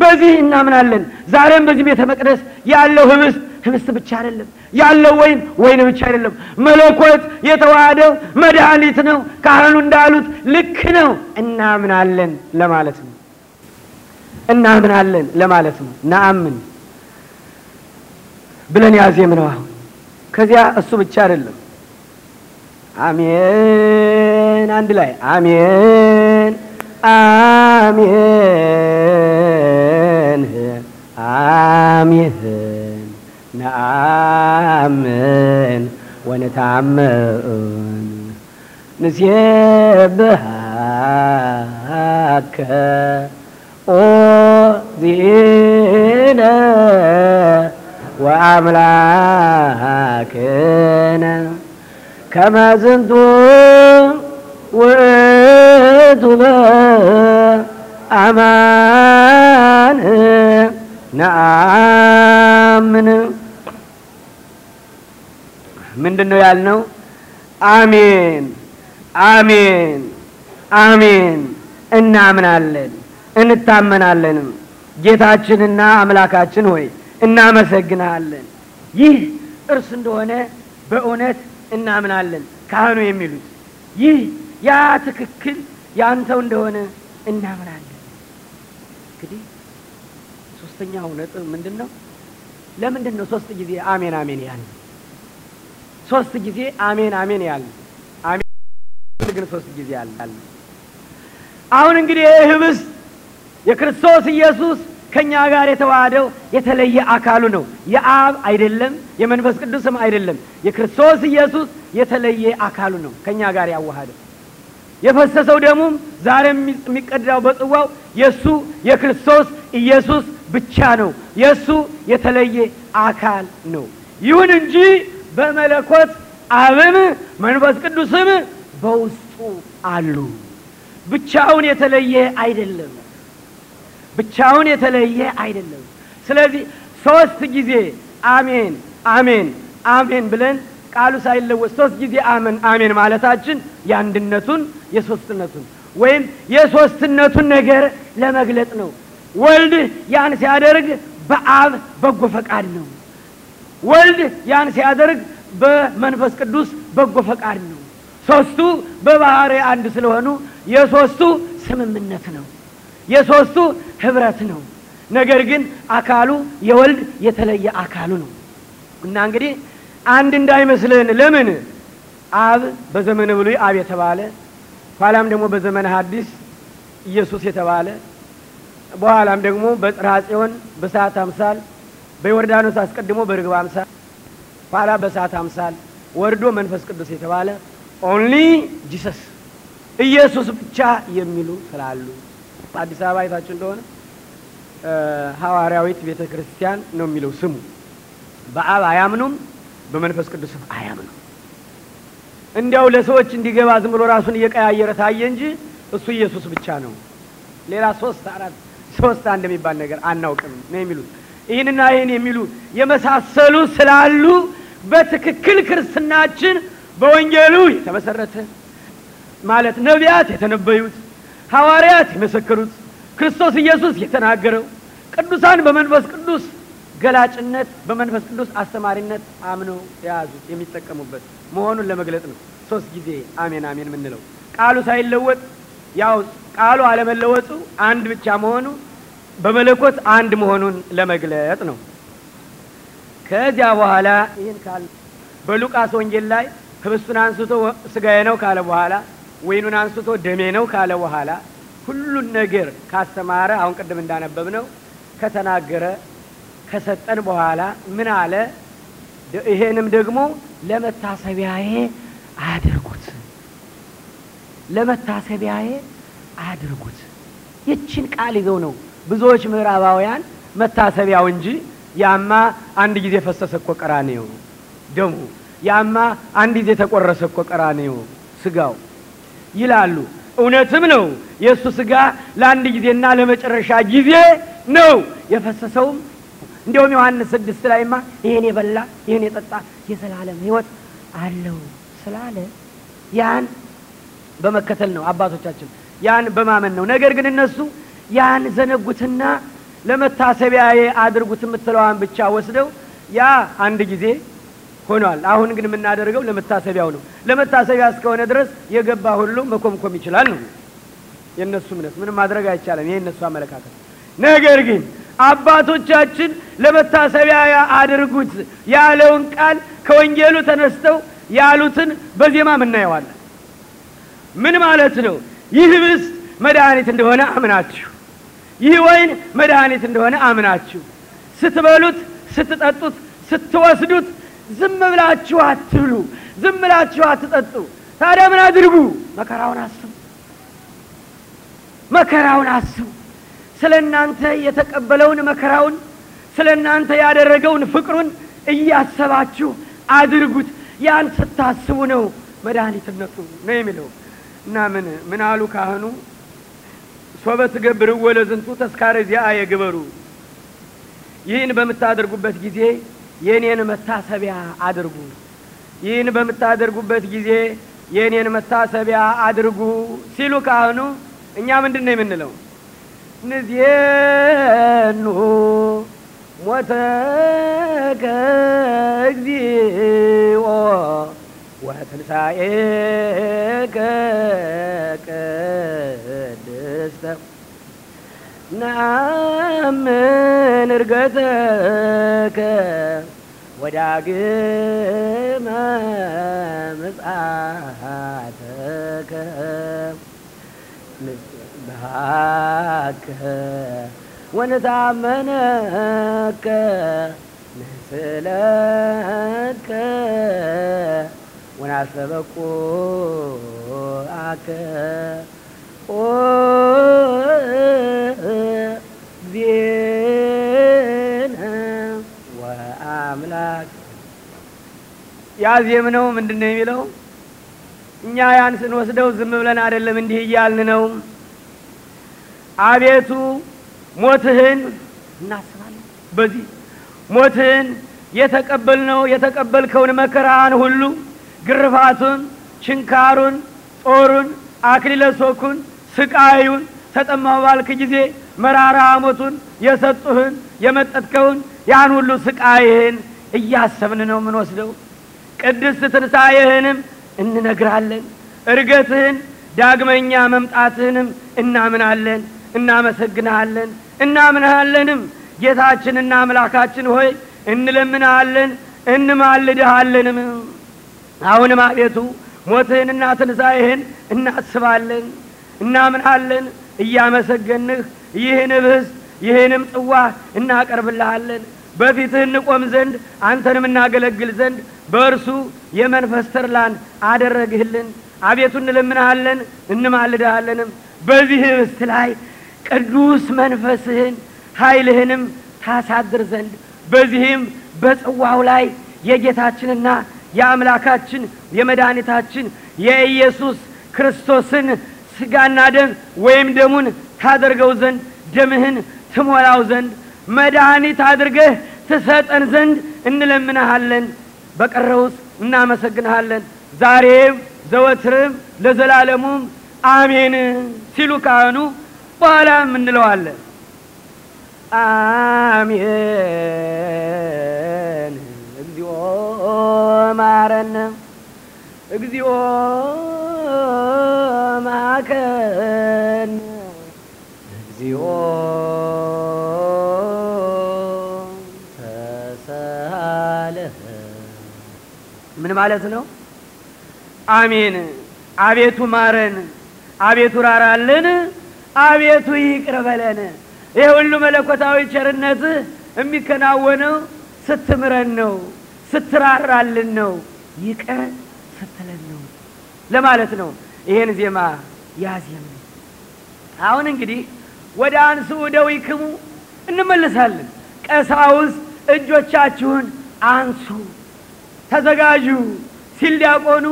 በዚህ እናምናለን። ዛሬም በዚህ ቤተ መቅደስ ያለው ህብስት ህብስት ብቻ አይደለም፣ ያለው ወይን ወይን ብቻ አይደለም። መለኮት የተዋሃደው መድኃኒት ነው። ካህኑ እንዳሉት ልክ ነው። እናምናለን ለማለት ነው። እናምናለን ለማለት ነው። ናአምን ብለን ያዜም ነው። አሁን ከዚያ እሱ ብቻ አይደለም። አሜን አንድ ላይ አሜን አሜን አሜን ነአምን ወነታምን ንሴብሃከ ኦ ዚነ ወአምላክነ ከመዝንቱ ውእቱ አማን ነአምን ምንድን ነው ያልነው? አሜን አሜን አሜን እናምናለን እንታመናለንም ጌታችንና አምላካችን ሆይ እናመሰግናለን። ይህ እርሱ እንደሆነ በእውነት እናምናለን። ካህኑ የሚሉት ይህ ያ ትክክል የአንተው እንደሆነ እናምናለን። እንግዲህ ሶስተኛው ነጥብ ምንድን ነው? ለምንድን ነው ሶስት ጊዜ አሜን አሜን ያል ሶስት ጊዜ አሜን አሜን ያል አሜን ግን ሶስት ጊዜ ያለ። አሁን እንግዲህ ይህ ህብስት የክርስቶስ ኢየሱስ ከኛ ጋር የተዋሃደው የተለየ አካሉ ነው። የአብ አይደለም፣ የመንፈስ ቅዱስም አይደለም። የክርስቶስ ኢየሱስ የተለየ አካሉ ነው ከኛ ጋር ያዋሃደው። የፈሰሰው ደሙም ዛሬም የሚቀዳው በጽዋው የእሱ የክርስቶስ ኢየሱስ ብቻ ነው። የእሱ የተለየ አካል ነው። ይሁን እንጂ በመለኮት አብም መንፈስ ቅዱስም በውስጡ አሉ። ብቻውን የተለየ አይደለም። ብቻውን የተለየ አይደለም። ስለዚህ ሶስት ጊዜ አሜን አሜን አሜን ብለን ቃሉ ሳይለወጥ ሶስት ጊዜ አሜን አሜን ማለታችን የአንድነቱን የሶስትነቱን ወይም የሶስትነቱን ነገር ለመግለጽ ነው። ወልድ ያን ሲያደርግ በአብ በጎ ፈቃድ ነው። ወልድ ያን ሲያደርግ በመንፈስ ቅዱስ በጎ ፈቃድ ነው። ሶስቱ በባህሪ አንድ ስለሆኑ የሶስቱ ስምምነት ነው። የሶስቱ ህብረት ነው። ነገር ግን አካሉ የወልድ የተለየ አካሉ ነው እና እንግዲህ አንድ እንዳይመስለን። ለምን አብ በዘመነ ብሉይ አብ የተባለ ኋላም ደግሞ በዘመነ ሐዲስ ኢየሱስ የተባለ በኋላም ደግሞ በጽርሐ ጽዮን በሰዓት አምሳል በዮርዳኖስ አስቀድሞ በርግብ አምሳል ኋላ በሰዓት አምሳል ወርዶ መንፈስ ቅዱስ የተባለ ኦንሊ ጂሰስ ኢየሱስ ብቻ የሚሉ ስላሉ አዲስ አበባ አይታችሁ እንደሆነ ሐዋርያዊት ቤተ ክርስቲያን ነው የሚለው ስሙ። በአብ አያምኑም፣ በመንፈስ ቅዱስም አያምኑም። እንዲያው ለሰዎች እንዲገባ ዝም ብሎ ራሱን እየቀያየረ ታየ እንጂ እሱ ኢየሱስ ብቻ ነው። ሌላ ሶስት አራት ሶስት አንድ የሚባል ነገር አናውቅም ነው የሚሉት። ይህንና ይህን የሚሉ የመሳሰሉ ስላሉ በትክክል ክርስትናችን በወንጌሉ የተመሰረተ ማለት ነቢያት የተነበዩት ሐዋርያት የመሰከሩት፣ ክርስቶስ ኢየሱስ የተናገረው፣ ቅዱሳን በመንፈስ ቅዱስ ገላጭነት በመንፈስ ቅዱስ አስተማሪነት አምነው የያዙ የሚጠቀሙበት መሆኑን ለመግለጽ ነው። ሶስት ጊዜ አሜን አሜን የምንለው ቃሉ ሳይለወጥ ያው ቃሉ አለመለወጡ አንድ ብቻ መሆኑ በመለኮት አንድ መሆኑን ለመግለጥ ነው። ከዚያ በኋላ ይህን ካል በሉቃስ ወንጌል ላይ ህብስቱን አንስቶ ስጋዬ ነው ካለ በኋላ ወይኑን አንስቶ ደሜ ነው ካለ በኋላ ሁሉን ነገር ካስተማረ አሁን ቅድም እንዳነበብ ነው ከተናገረ ከሰጠን በኋላ ምን አለ? ይሄንም ደግሞ ለመታሰቢያዬ አድርጉት፣ ለመታሰቢያዬ አድርጉት። ይችን ቃል ይዘው ነው ብዙዎች ምዕራባውያን መታሰቢያው እንጂ ያማ አንድ ጊዜ ፈሰሰ እኮ ቀራንዮ ደሙ፣ ያማ አንድ ጊዜ ተቆረሰ እኮ ቀራንዮ ስጋው ይላሉ። እውነትም ነው። የእሱ ስጋ ለአንድ ጊዜና ለመጨረሻ ጊዜ ነው የፈሰሰውም። እንዲሁም ዮሐንስ ስድስት ላይማ ይህን የበላ ይህን የጠጣ የዘላለም ሕይወት አለው ስላለ ያን በመከተል ነው አባቶቻችን ያን በማመን ነው። ነገር ግን እነሱ ያን ዘነጉትና ለመታሰቢያዬ አድርጉት የምትለዋን ብቻ ወስደው ያ አንድ ጊዜ ሆኗል። አሁን ግን የምናደርገው ለመታሰቢያው ነው። ለመታሰቢያ እስከሆነ ድረስ የገባ ሁሉ መኮምኮም ይችላል ነው የእነሱ እምነት። ምንም ማድረግ አይቻልም። ይሄ እነሱ አመለካከት። ነገር ግን አባቶቻችን ለመታሰቢያ አድርጉት ያለውን ቃል ከወንጌሉ ተነስተው ያሉትን በዜማ እናየዋለን። ምን ማለት ነው? ይህ ብስ መድኃኒት እንደሆነ አምናችሁ፣ ይህ ወይን መድኃኒት እንደሆነ አምናችሁ ስትበሉት፣ ስትጠጡት፣ ስትወስዱት ዝም ብላችሁ አትብሉ፣ ዝም ብላችሁ አትጠጡ። ታዲያ ምን አድርጉ? መከራውን አስቡ፣ መከራውን አስቡ። ስለ እናንተ የተቀበለውን መከራውን፣ ስለ እናንተ ያደረገውን ፍቅሩን እያሰባችሁ አድርጉት። ያን ስታስቡ ነው መድኃኒትነቱ ነው የሚለው እና ምን ምን አሉ ካህኑ ሶበ ወለ ዝንቱ ተስካረ ዚአ ግበሩ ይህን በምታደርጉበት ጊዜ የእኔን መታሰቢያ አድርጉ። ይህን በምታደርጉበት ጊዜ የእኔን መታሰቢያ አድርጉ ሲሉ ካህኑ እኛ ምንድን ነው የምንለው? ንዜኑ ሞተከ እግዚኦ ወትንሣኤከ ቅድስተ ነአምን እርገተከ وداقم مصعاتك نسبحك ونتعمنك نسلك ونعسب قوعك زينك አምላክ ያዜም ነው ምንድን ነው የሚለው? እኛ ያን ስንወስደው ዝም ብለን አይደለም እንዲህ እያልን ነው። አቤቱ ሞትህን እናስባለን። በዚህ ሞትህን የተቀበልነው የተቀበልከውን መከራን ሁሉ ግርፋቱን፣ ችንካሩን፣ ጦሩን፣ አክሊለ ሶኩን፣ ስቃዩን ተጠማሁ ባልክ ጊዜ መራራ ሞቱን የሰጡህን የመጠጥከውን ያን ሁሉ ስቃይህን እያሰብን ነው የምንወስደው። ቅድስት ትንሣኤህንም እንነግራለን። እርገትህን ዳግመኛ መምጣትህንም እናምናለን፣ እናመሰግንሃለን፣ እናምንሃለንም። ጌታችንና አምላካችን ሆይ እንለምንሃለን፣ እንማልድሃለንም። አሁንም አቤቱ ሞትህንና ትንሣኤህን እናስባለን፣ እናምናለን፣ እያመሰገንህ ይህን ህብስት ይህንም ጽዋ እናቀርብልሃለን። በፊትህ እንቆም ዘንድ አንተንም እናገለግል ዘንድ በእርሱ የመንፈስ ተርላን አደረግህልን። አቤቱ እንለምንሃለን እንማልድሃለንም። በዚህ ህብስት ላይ ቅዱስ መንፈስህን ኃይልህንም ታሳድር ዘንድ በዚህም በጽዋው ላይ የጌታችንና የአምላካችን የመድኃኒታችን የኢየሱስ ክርስቶስን ስጋና ደም ወይም ደሙን ታደርገው ዘንድ ደምህን ትሞላው ዘንድ መድኃኒት አድርገህ ትሰጠን ዘንድ እንለምንሃለን። በቀረውስ እናመሰግንሃለን። ዛሬም ዘወትርም ለዘላለሙም አሜን ሲሉ ካህኑ በኋላም እንለዋለን። አሜን እግዚኦ ማረነ እግዚኦ ማከነ እግዚኦ ማለት ነው። አሜን። አቤቱ ማረን፣ አቤቱ ራራልን፣ አቤቱ ይቅር በለን። ይህ ሁሉ መለኮታዊ ቸርነትህ የሚከናወነው ስትምረን ነው፣ ስትራራልን ነው፣ ይቅር ስትለን ነው ለማለት ነው። ይህን ዜማ ያዜም ነው። አሁን እንግዲህ ወደ አንሱ ደዊክሙ እንመለሳለን። ቀሳውስ እጆቻችሁን አንሱ ተዘጋጁ ሲል ዲያቆኑ፣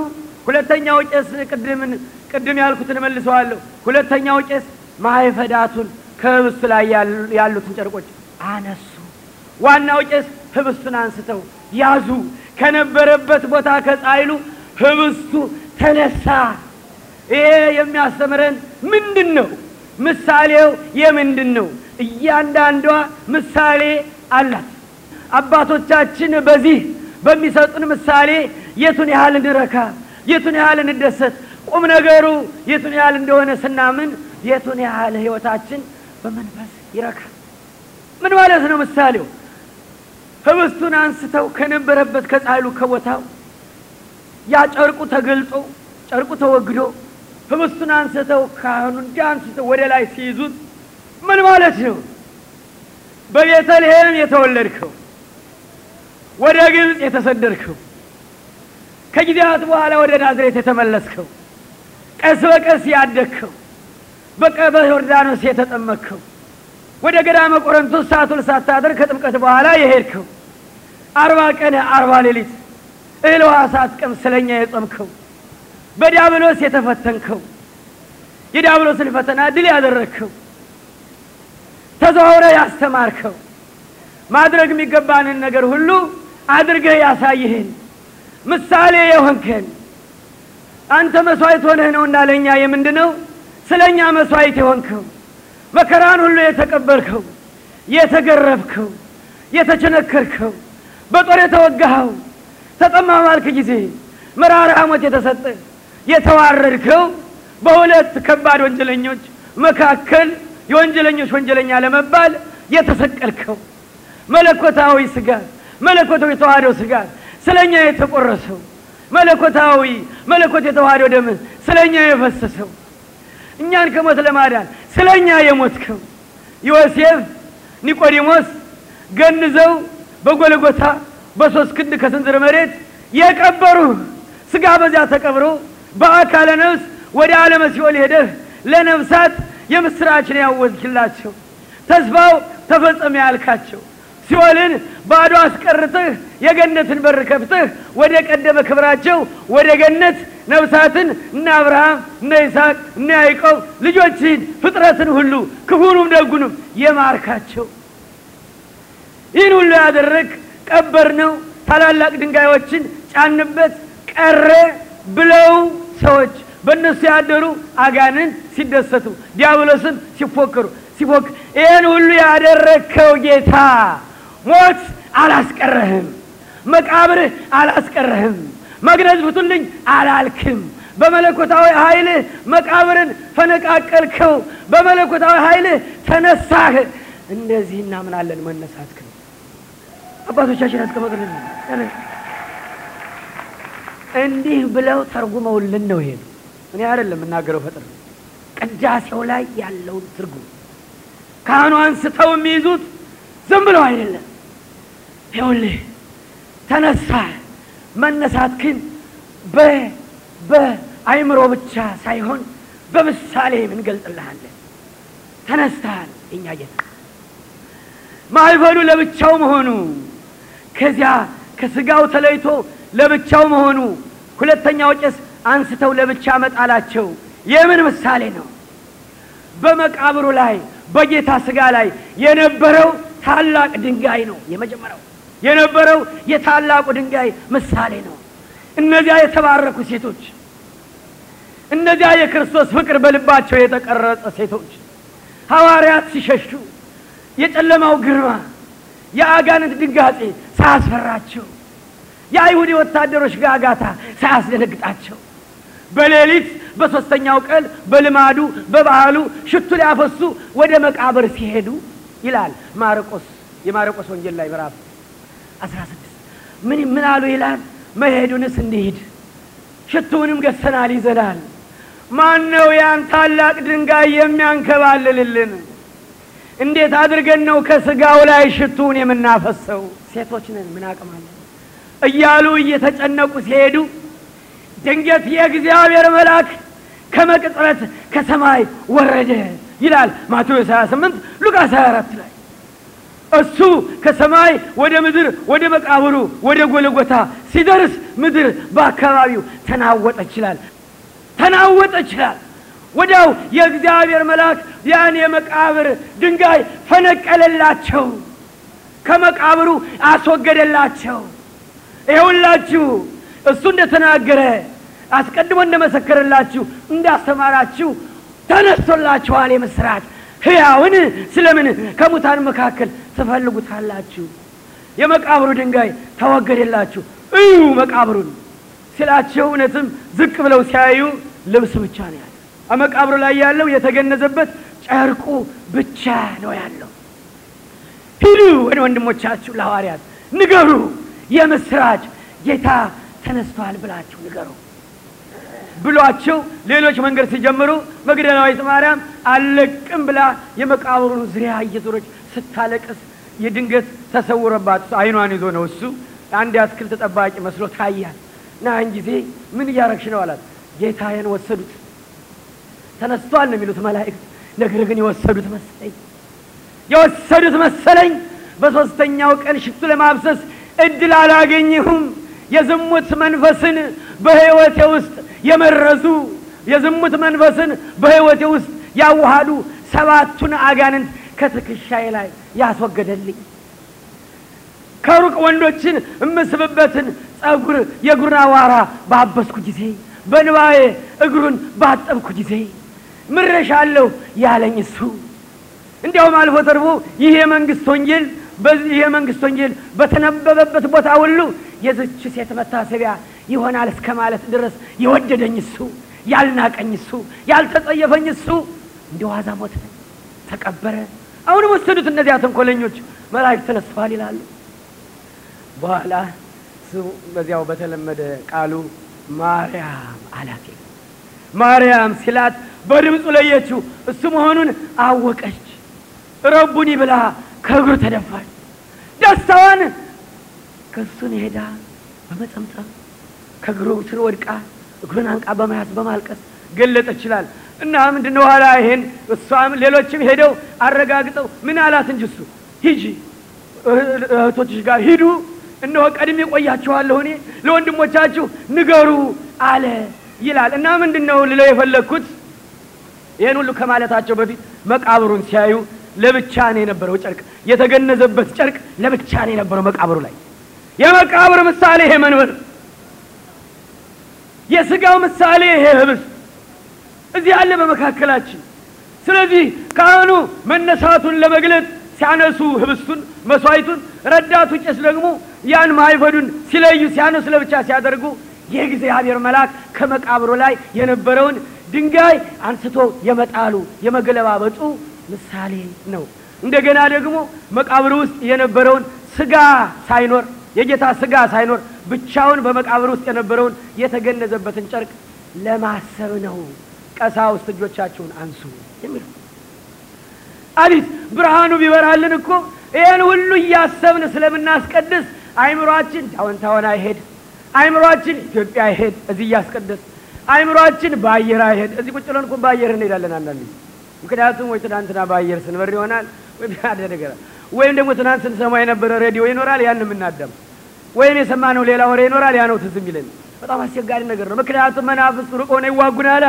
ሁለተኛው ቄስ ቅድምን ቅድም ያልኩትን መልሰዋለሁ። ሁለተኛው ቄስ ማይፈዳቱን ከህብስቱ ላይ ያሉትን ጨርቆች አነሱ። ዋናው ቄስ ህብስቱን አንስተው ያዙ። ከነበረበት ቦታ ከጻይሉ ህብስቱ ተነሳ። ይሄ የሚያስተምረን ምንድን ነው? ምሳሌው የምንድን ነው? እያንዳንዷ ምሳሌ አላት። አባቶቻችን በዚህ በሚሰጡን ምሳሌ የቱን ያህል እንረካ፣ የቱን ያህል እንደሰት፣ ቁም ነገሩ የቱን ያህል እንደሆነ ስናምን የቱን ያህል ህይወታችን በመንፈስ ይረካ ምን ማለት ነው? ምሳሌው ህብስቱን አንስተው ከነበረበት ከጻሕሉ ከቦታው ያ ጨርቁ ተገልጦ ጨርቁ ተወግዶ ህብስቱን አንስተው ካህኑ እንዲህ አንስተው ወደ ላይ ሲይዙት ምን ማለት ነው? በቤተልሔም የተወለድከው ወደ ግብፅ የተሰደድከው ከጊዜያት በኋላ ወደ ናዝሬት የተመለስከው ቀስ በቀስ ያደግከው በዮርዳኖስ ዮርዳኖስ የተጠመቅከው ወደ ገዳመ ቆረንቶስ ሰዓቱን ሳታድር ከጥምቀት በኋላ የሄድከው አርባ ቀን አርባ ሌሊት እህል ውሃ ሳትቀም ስለኛ የጾምከው በዲያብሎስ የተፈተንከው የዲያብሎስን ፈተና ድል ያደረግከው ተዘዋውረ ያስተማርከው ማድረግ የሚገባንን ነገር ሁሉ አድርገህ ያሳይህን ምሳሌ የሆንከን አንተ መስዋዕት ሆነህ እና ለእኛ የምንድ ነው ስለ እኛ መስዋዕት የሆንከው መከራን ሁሉ የተቀበልከው የተገረፍከው የተቸነከርከው በጦር የተወጋኸው ተጠማ ባልክ ጊዜ መራራ ሞት የተሰጠ የተዋረድከው በሁለት ከባድ ወንጀለኞች መካከል የወንጀለኞች ወንጀለኛ ለመባል የተሰቀልከው መለኮታዊ ስጋ መለኮታዊ የተዋህደው ስጋት ስለኛ የተቆረሰው መለኮታዊ መለኮት የተዋህደው ደም ስለኛ የፈሰሰው እኛን ከሞት ለማዳን ስለኛ የሞትከው ዮሴፍ ኒቆዲሞስ ገንዘው በጎልጎታ በሶስት ክንድ ከስንዝር መሬት የቀበሩህ ስጋ በዚያ ተቀብሮ በአካለ ነፍስ ወደ ዓለመ ሲኦል ሄደህ ለነፍሳት የምስራችን ያወጅላቸው ተስፋው ተፈጸመ ያልካቸው ሲኦልን ባዶ አስቀርተህ የገነትን በር ከፍተህ ወደ ቀደመ ክብራቸው ወደ ገነት ነፍሳትን እነ አብርሃም እነ ይስሐቅ እነ ያዕቆብ ልጆችህን ፍጥረትን ሁሉ ክፉንም ደጉንም የማርካቸው። ይህን ሁሉ ያደረግ ቀበር ነው። ታላላቅ ድንጋዮችን ጫንበት ቀረ ብለው ሰዎች በእነሱ ያደሩ አጋንን ሲደሰቱ ዲያብሎስም ሲፎክሩ ሲፎክ ይህን ሁሉ ያደረግከው ጌታ ሞት አላስቀረህም፣ መቃብርህ አላስቀረህም፣ መግነዝ ፍቱልኝ አላልክም። በመለኮታዊ ኃይልህ መቃብርን ፈነቃቀልከው፣ በመለኮታዊ ኃይልህ ተነሳህ። እንደዚህ እናምናለን። መነሳትክ ነው አባቶቻችን ያስቀመጡልን እንዲህ ብለው ተርጉመውልን ነው። ይሄ እኔ አይደለም የምናገረው፣ ፈጥር ቅዳሴው ላይ ያለውን ትርጉም ካህኑ አንስተው የሚይዙት ዝም ብለው አይደለም። ይኸውልህ ተነሳ። መነሳት ግን በአይምሮ ብቻ ሳይሆን በምሳሌ እንገልጥልሃለን። ተነስተሃል። እኛ ጌታ ማይበሉ ለብቻው መሆኑ ከዚያ ከስጋው ተለይቶ ለብቻው መሆኑ ሁለተኛው ጭስ አንስተው ለብቻ መጣላቸው የምን ምሳሌ ነው? በመቃብሩ ላይ በጌታ ስጋ ላይ የነበረው ታላቅ ድንጋይ ነው የመጀመሪያው። የነበረው የታላቁ ድንጋይ ምሳሌ ነው። እነዚያ የተባረኩ ሴቶች፣ እነዚያ የክርስቶስ ፍቅር በልባቸው የተቀረጸ ሴቶች ሐዋርያት ሲሸሹ የጨለማው ግርማ የአጋንንት ድንጋጼ ሳያስፈራቸው የአይሁድ ወታደሮች ጋጋታ ሳያስደነግጣቸው በሌሊት በሦስተኛው ቀን በልማዱ በባህሉ ሽቱ ሊያፈሱ ወደ መቃብር ሲሄዱ ይላል ማርቆስ የማርቆስ ወንጌል ላይ ምዕራፍ 16 ምን ምን አሉ ይላል። መሄዱንስ እንዲሂድ ሽቱውንም ገሰናል ይዘናል። ማን ነው ያን ታላቅ ድንጋይ የሚያንከባልልልን? እንዴት አድርገን ነው ከስጋው ላይ ሽቱውን የምናፈሰው? ሴቶች ነን ምን አቅማለ እያሉ እየተጨነቁ ሲሄዱ ድንገት የእግዚአብሔር መልአክ ከመቅጽረት ከሰማይ ወረደ ይላል ማቴዎስ 28 ሉቃስ 24 ላይ እሱ ከሰማይ ወደ ምድር ወደ መቃብሩ ወደ ጎለጎታ ሲደርስ ምድር በአካባቢው ተናወጠ ይችላል ተናወጠ ይችላል ወዲያው የእግዚአብሔር መልአክ ያን የመቃብር ድንጋይ ፈነቀለላቸው ከመቃብሩ አስወገደላቸው ይኸውላችሁ እሱ እንደተናገረ አስቀድሞ እንደመሰከረላችሁ እንዳስተማራችሁ ተነስቶላችኋል የምስራች ህያውን ስለምን ከሙታን መካከል ትፈልጉታላችሁ። የመቃብሩ ድንጋይ ተወገደላችሁ እዩ መቃብሩን ሲላቸው እውነትም ዝቅ ብለው ሲያዩ ልብስ ብቻ ነው ያለ መቃብሩ ላይ ያለው የተገነዘበት ጨርቁ ብቻ ነው ያለው። ሂዱ ወደ ወንድሞቻችሁ ለሐዋርያት ንገሩ፣ የምስራች ጌታ ተነስቷል ብላችሁ ንገሩ ብሏቸው ሌሎች መንገድ ሲጀምሩ መግደላዊት ማርያም አለቅም ብላ የመቃብሩን ዙሪያ እየዞረች ስታለቅስ የድንገት ተሰውረባት አይኗን ይዞ ነው እሱ አንድ አትክልት ጠባቂ መስሎ ታያል። እና ያን ጊዜ ምን እያረግሽ ነው አላት። ጌታዬን ወሰዱት ተነስቷል ነው የሚሉት መላእክት፣ ነገር ግን የወሰዱት መሰለኝ የወሰዱት መሰለኝ። በሦስተኛው ቀን ሽቱ ለማብሰስ እድል አላገኘሁም። የዝሙት መንፈስን በሕይወቴ ውስጥ የመረዙ የዝሙት መንፈስን በሕይወቴ ውስጥ ያዋሃዱ ሰባቱን አጋንንት ከትከሻዬ ላይ ያስወገደልኝ ከሩቅ ወንዶችን እምስብበትን ጸጉር የጉራ አዋራ ባበስኩ ጊዜ በንባዬ እግሩን ባጠብኩ ጊዜ ምሬሻለሁ ያለኝ እሱ። እንዲያውም አልፎ ተርፎ ይህ የመንግስት ወንጌል በዚህ የመንግስት ወንጌል በተነበበበት ቦታ ሁሉ የዝች ሴት መታሰቢያ ይሆናል እስከ ማለት ድረስ የወደደኝ እሱ፣ ያልናቀኝ እሱ፣ ያልተጸየፈኝ እሱ እንደ ዋዛ ሞት ተቀበረ። አሁን ወሰዱት እነዚያ ተንኮለኞች መላእክት ተነስተዋል ይላሉ። በኋላ በዚያው በተለመደ ቃሉ ማርያም አላት። ማርያም ሲላት በድምፁ ለየችው። እሱ መሆኑን አወቀች። ረቡኒ ብላ ከእግሩ ተደፋች። ደስታዋን ከእሱን ሄዳ በመጠምጠም ከእግሩ ስር ወድቃ እግሩን አንቃ በመያዝ በማልቀስ ገለጠች ይላል። እና ምንድን ነው ኋላ ይሄን እሷም ሌሎችም ሄደው አረጋግጠው ምን አላት እንጂ እሱ ሂጂ እህቶችሽ ጋር ሂዱ፣ እነሆ ቀድሜ ቆያችኋለሁ እኔ ለወንድሞቻችሁ ንገሩ አለ ይላል። እና ምንድን ነው ልለው የፈለግኩት ይህን ሁሉ ከማለታቸው በፊት መቃብሩን ሲያዩ ለብቻ ነው የነበረው ጨርቅ፣ የተገነዘበት ጨርቅ ለብቻ ነው የነበረው መቃብሩ ላይ። የመቃብር ምሳሌ ይሄ መንበር፣ የስጋው ምሳሌ ይሄ ህብስ እዚህ አለ በመካከላችን። ስለዚህ ካህኑ መነሳቱን ለመግለጽ ሲያነሱ ህብስቱን፣ መስዋዕቱን፣ ረዳቱ ቄስ ደግሞ ያን ማይፈዱን ሲለዩ ሲያነሱ ለብቻ ሲያደርጉ የእግዚአብሔር መልአክ ከመቃብሩ ላይ የነበረውን ድንጋይ አንስቶ የመጣሉ የመገለባበጡ ምሳሌ ነው። እንደገና ደግሞ መቃብር ውስጥ የነበረውን ስጋ ሳይኖር የጌታ ስጋ ሳይኖር ብቻውን በመቃብር ውስጥ የነበረውን የተገነዘበትን ጨርቅ ለማሰብ ነው። ቀሳውስት እጆቻችሁን አንሱ የሚለው አቤት ብርሃኑ ቢበራልን እኮ ይህን ሁሉ እያሰብን ስለምናስቀድስ አይምሯችን ዳውን አይሄድ፣ አይምሯችን ኢትዮጵያ አይሄድ፣ እዚህ እያስቀደስ አይምሯችን በአየር አይሄድ። እዚህ ቁጭ ብለን እኮ በአየር እንሄዳለን አንዳንድ ምክንያቱም ወይ ትናንትና በአየር ስንበር ይሆናል ወይ ያደ ነገር ወይም ደግሞ ትናንት ስንሰማ የነበረ ሬዲዮ ይኖራል፣ ያን የምናደም ወይም የሰማነው ሌላ ወሬ ይኖራል፣ ያ ነው ትዝ የሚለን። በጣም አስቸጋሪ ነገር ነው። ምክንያቱም መናፍስ ሩቅ ሆነ ይዋጉናላ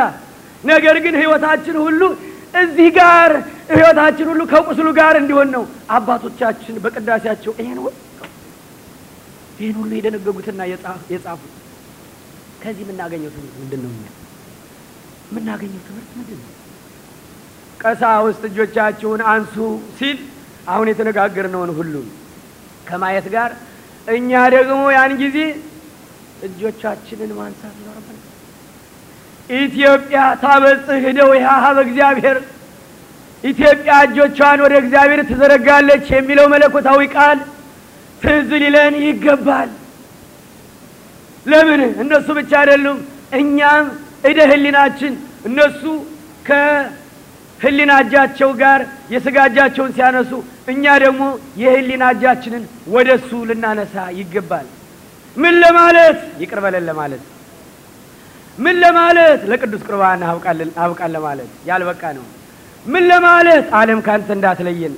ነገር ግን ህይወታችን ሁሉ እዚህ ጋር ህይወታችን ሁሉ ከቁስሉ ጋር እንዲሆን ነው አባቶቻችን በቅዳሴያቸው ይሄን ይህን ሁሉ የደነገጉትና የጻፉት። ከዚህ የምናገኘው ትምህርት ምንድን ነው? እኛ የምናገኘው ትምህርት ምንድን ነው? ቀሳውስት እጆቻችሁን አንሱ ሲል አሁን የተነጋገርነውን ሁሉ ከማየት ጋር እኛ ደግሞ ያን ጊዜ እጆቻችንን ማንሳት ይኖርብናል። ኢትዮጵያ ታበጽህ ደው ኀበ እግዚአብሔር፣ ኢትዮጵያ እጆቿን ወደ እግዚአብሔር ትዘረጋለች የሚለው መለኮታዊ ቃል ትዝ ሊለን ይገባል። ለምን እነሱ ብቻ አይደሉም፣ እኛም እደ ህሊናችን እነሱ ከህሊና እጃቸው ጋር የስጋ እጃቸውን ሲያነሱ፣ እኛ ደግሞ የህሊና እጃችንን ወደ እሱ ልናነሳ ይገባል። ምን ለማለት ይቅር በለን ለማለት ምን ለማለት ለቅዱስ ቁርባን አብቃን ለማለት ያልበቃ ነው። ምን ለማለት ዓለም ካንተ እንዳትለየን፣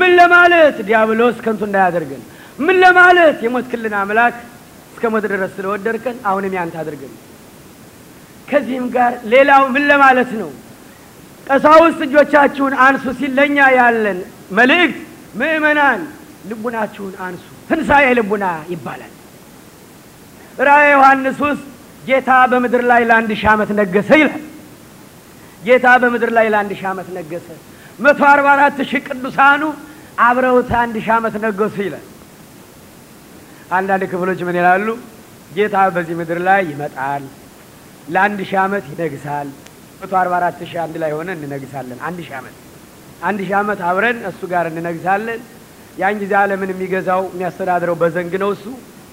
ምን ለማለት ዲያብሎስ ከንቱ እንዳያደርገን፣ ምን ለማለት የሞትክልን አምላክ እስከ ሞት ድረስ ስለወደድከን አሁንም ያንተ አድርገን። ከዚህም ጋር ሌላው ምን ለማለት ነው? ቀሳውስት እጆቻችሁን አንሱ ሲል ለእኛ ያለን መልእክት ምእመናን ልቡናችሁን አንሱ፣ ትንሣኤ ልቡና ይባላል። ራእየ ዮሐንስ ውስጥ ጌታ በምድር ላይ ለአንድ ሺህ ዓመት ነገሰ ይላል። ጌታ በምድር ላይ ለአንድ ሺህ ዓመት ነገሰ። መቶ አርባ አራት ሺህ ቅዱሳኑ አብረውት አንድ ሺህ ዓመት ነገሱ ይላል። አንዳንድ ክፍሎች ምን ይላሉ? ጌታ በዚህ ምድር ላይ ይመጣል፣ ለአንድ ሺህ ዓመት ይነግሳል። መቶ አርባ አራት ሺህ አንድ ላይ ሆነ እንነግሳለን። አንድ ሺህ ዓመት አንድ ሺህ ዓመት አብረን እሱ ጋር እንነግሳለን። ያን ጊዜ ዓለምን የሚገዛው የሚያስተዳድረው በዘንግ ነው። እሱ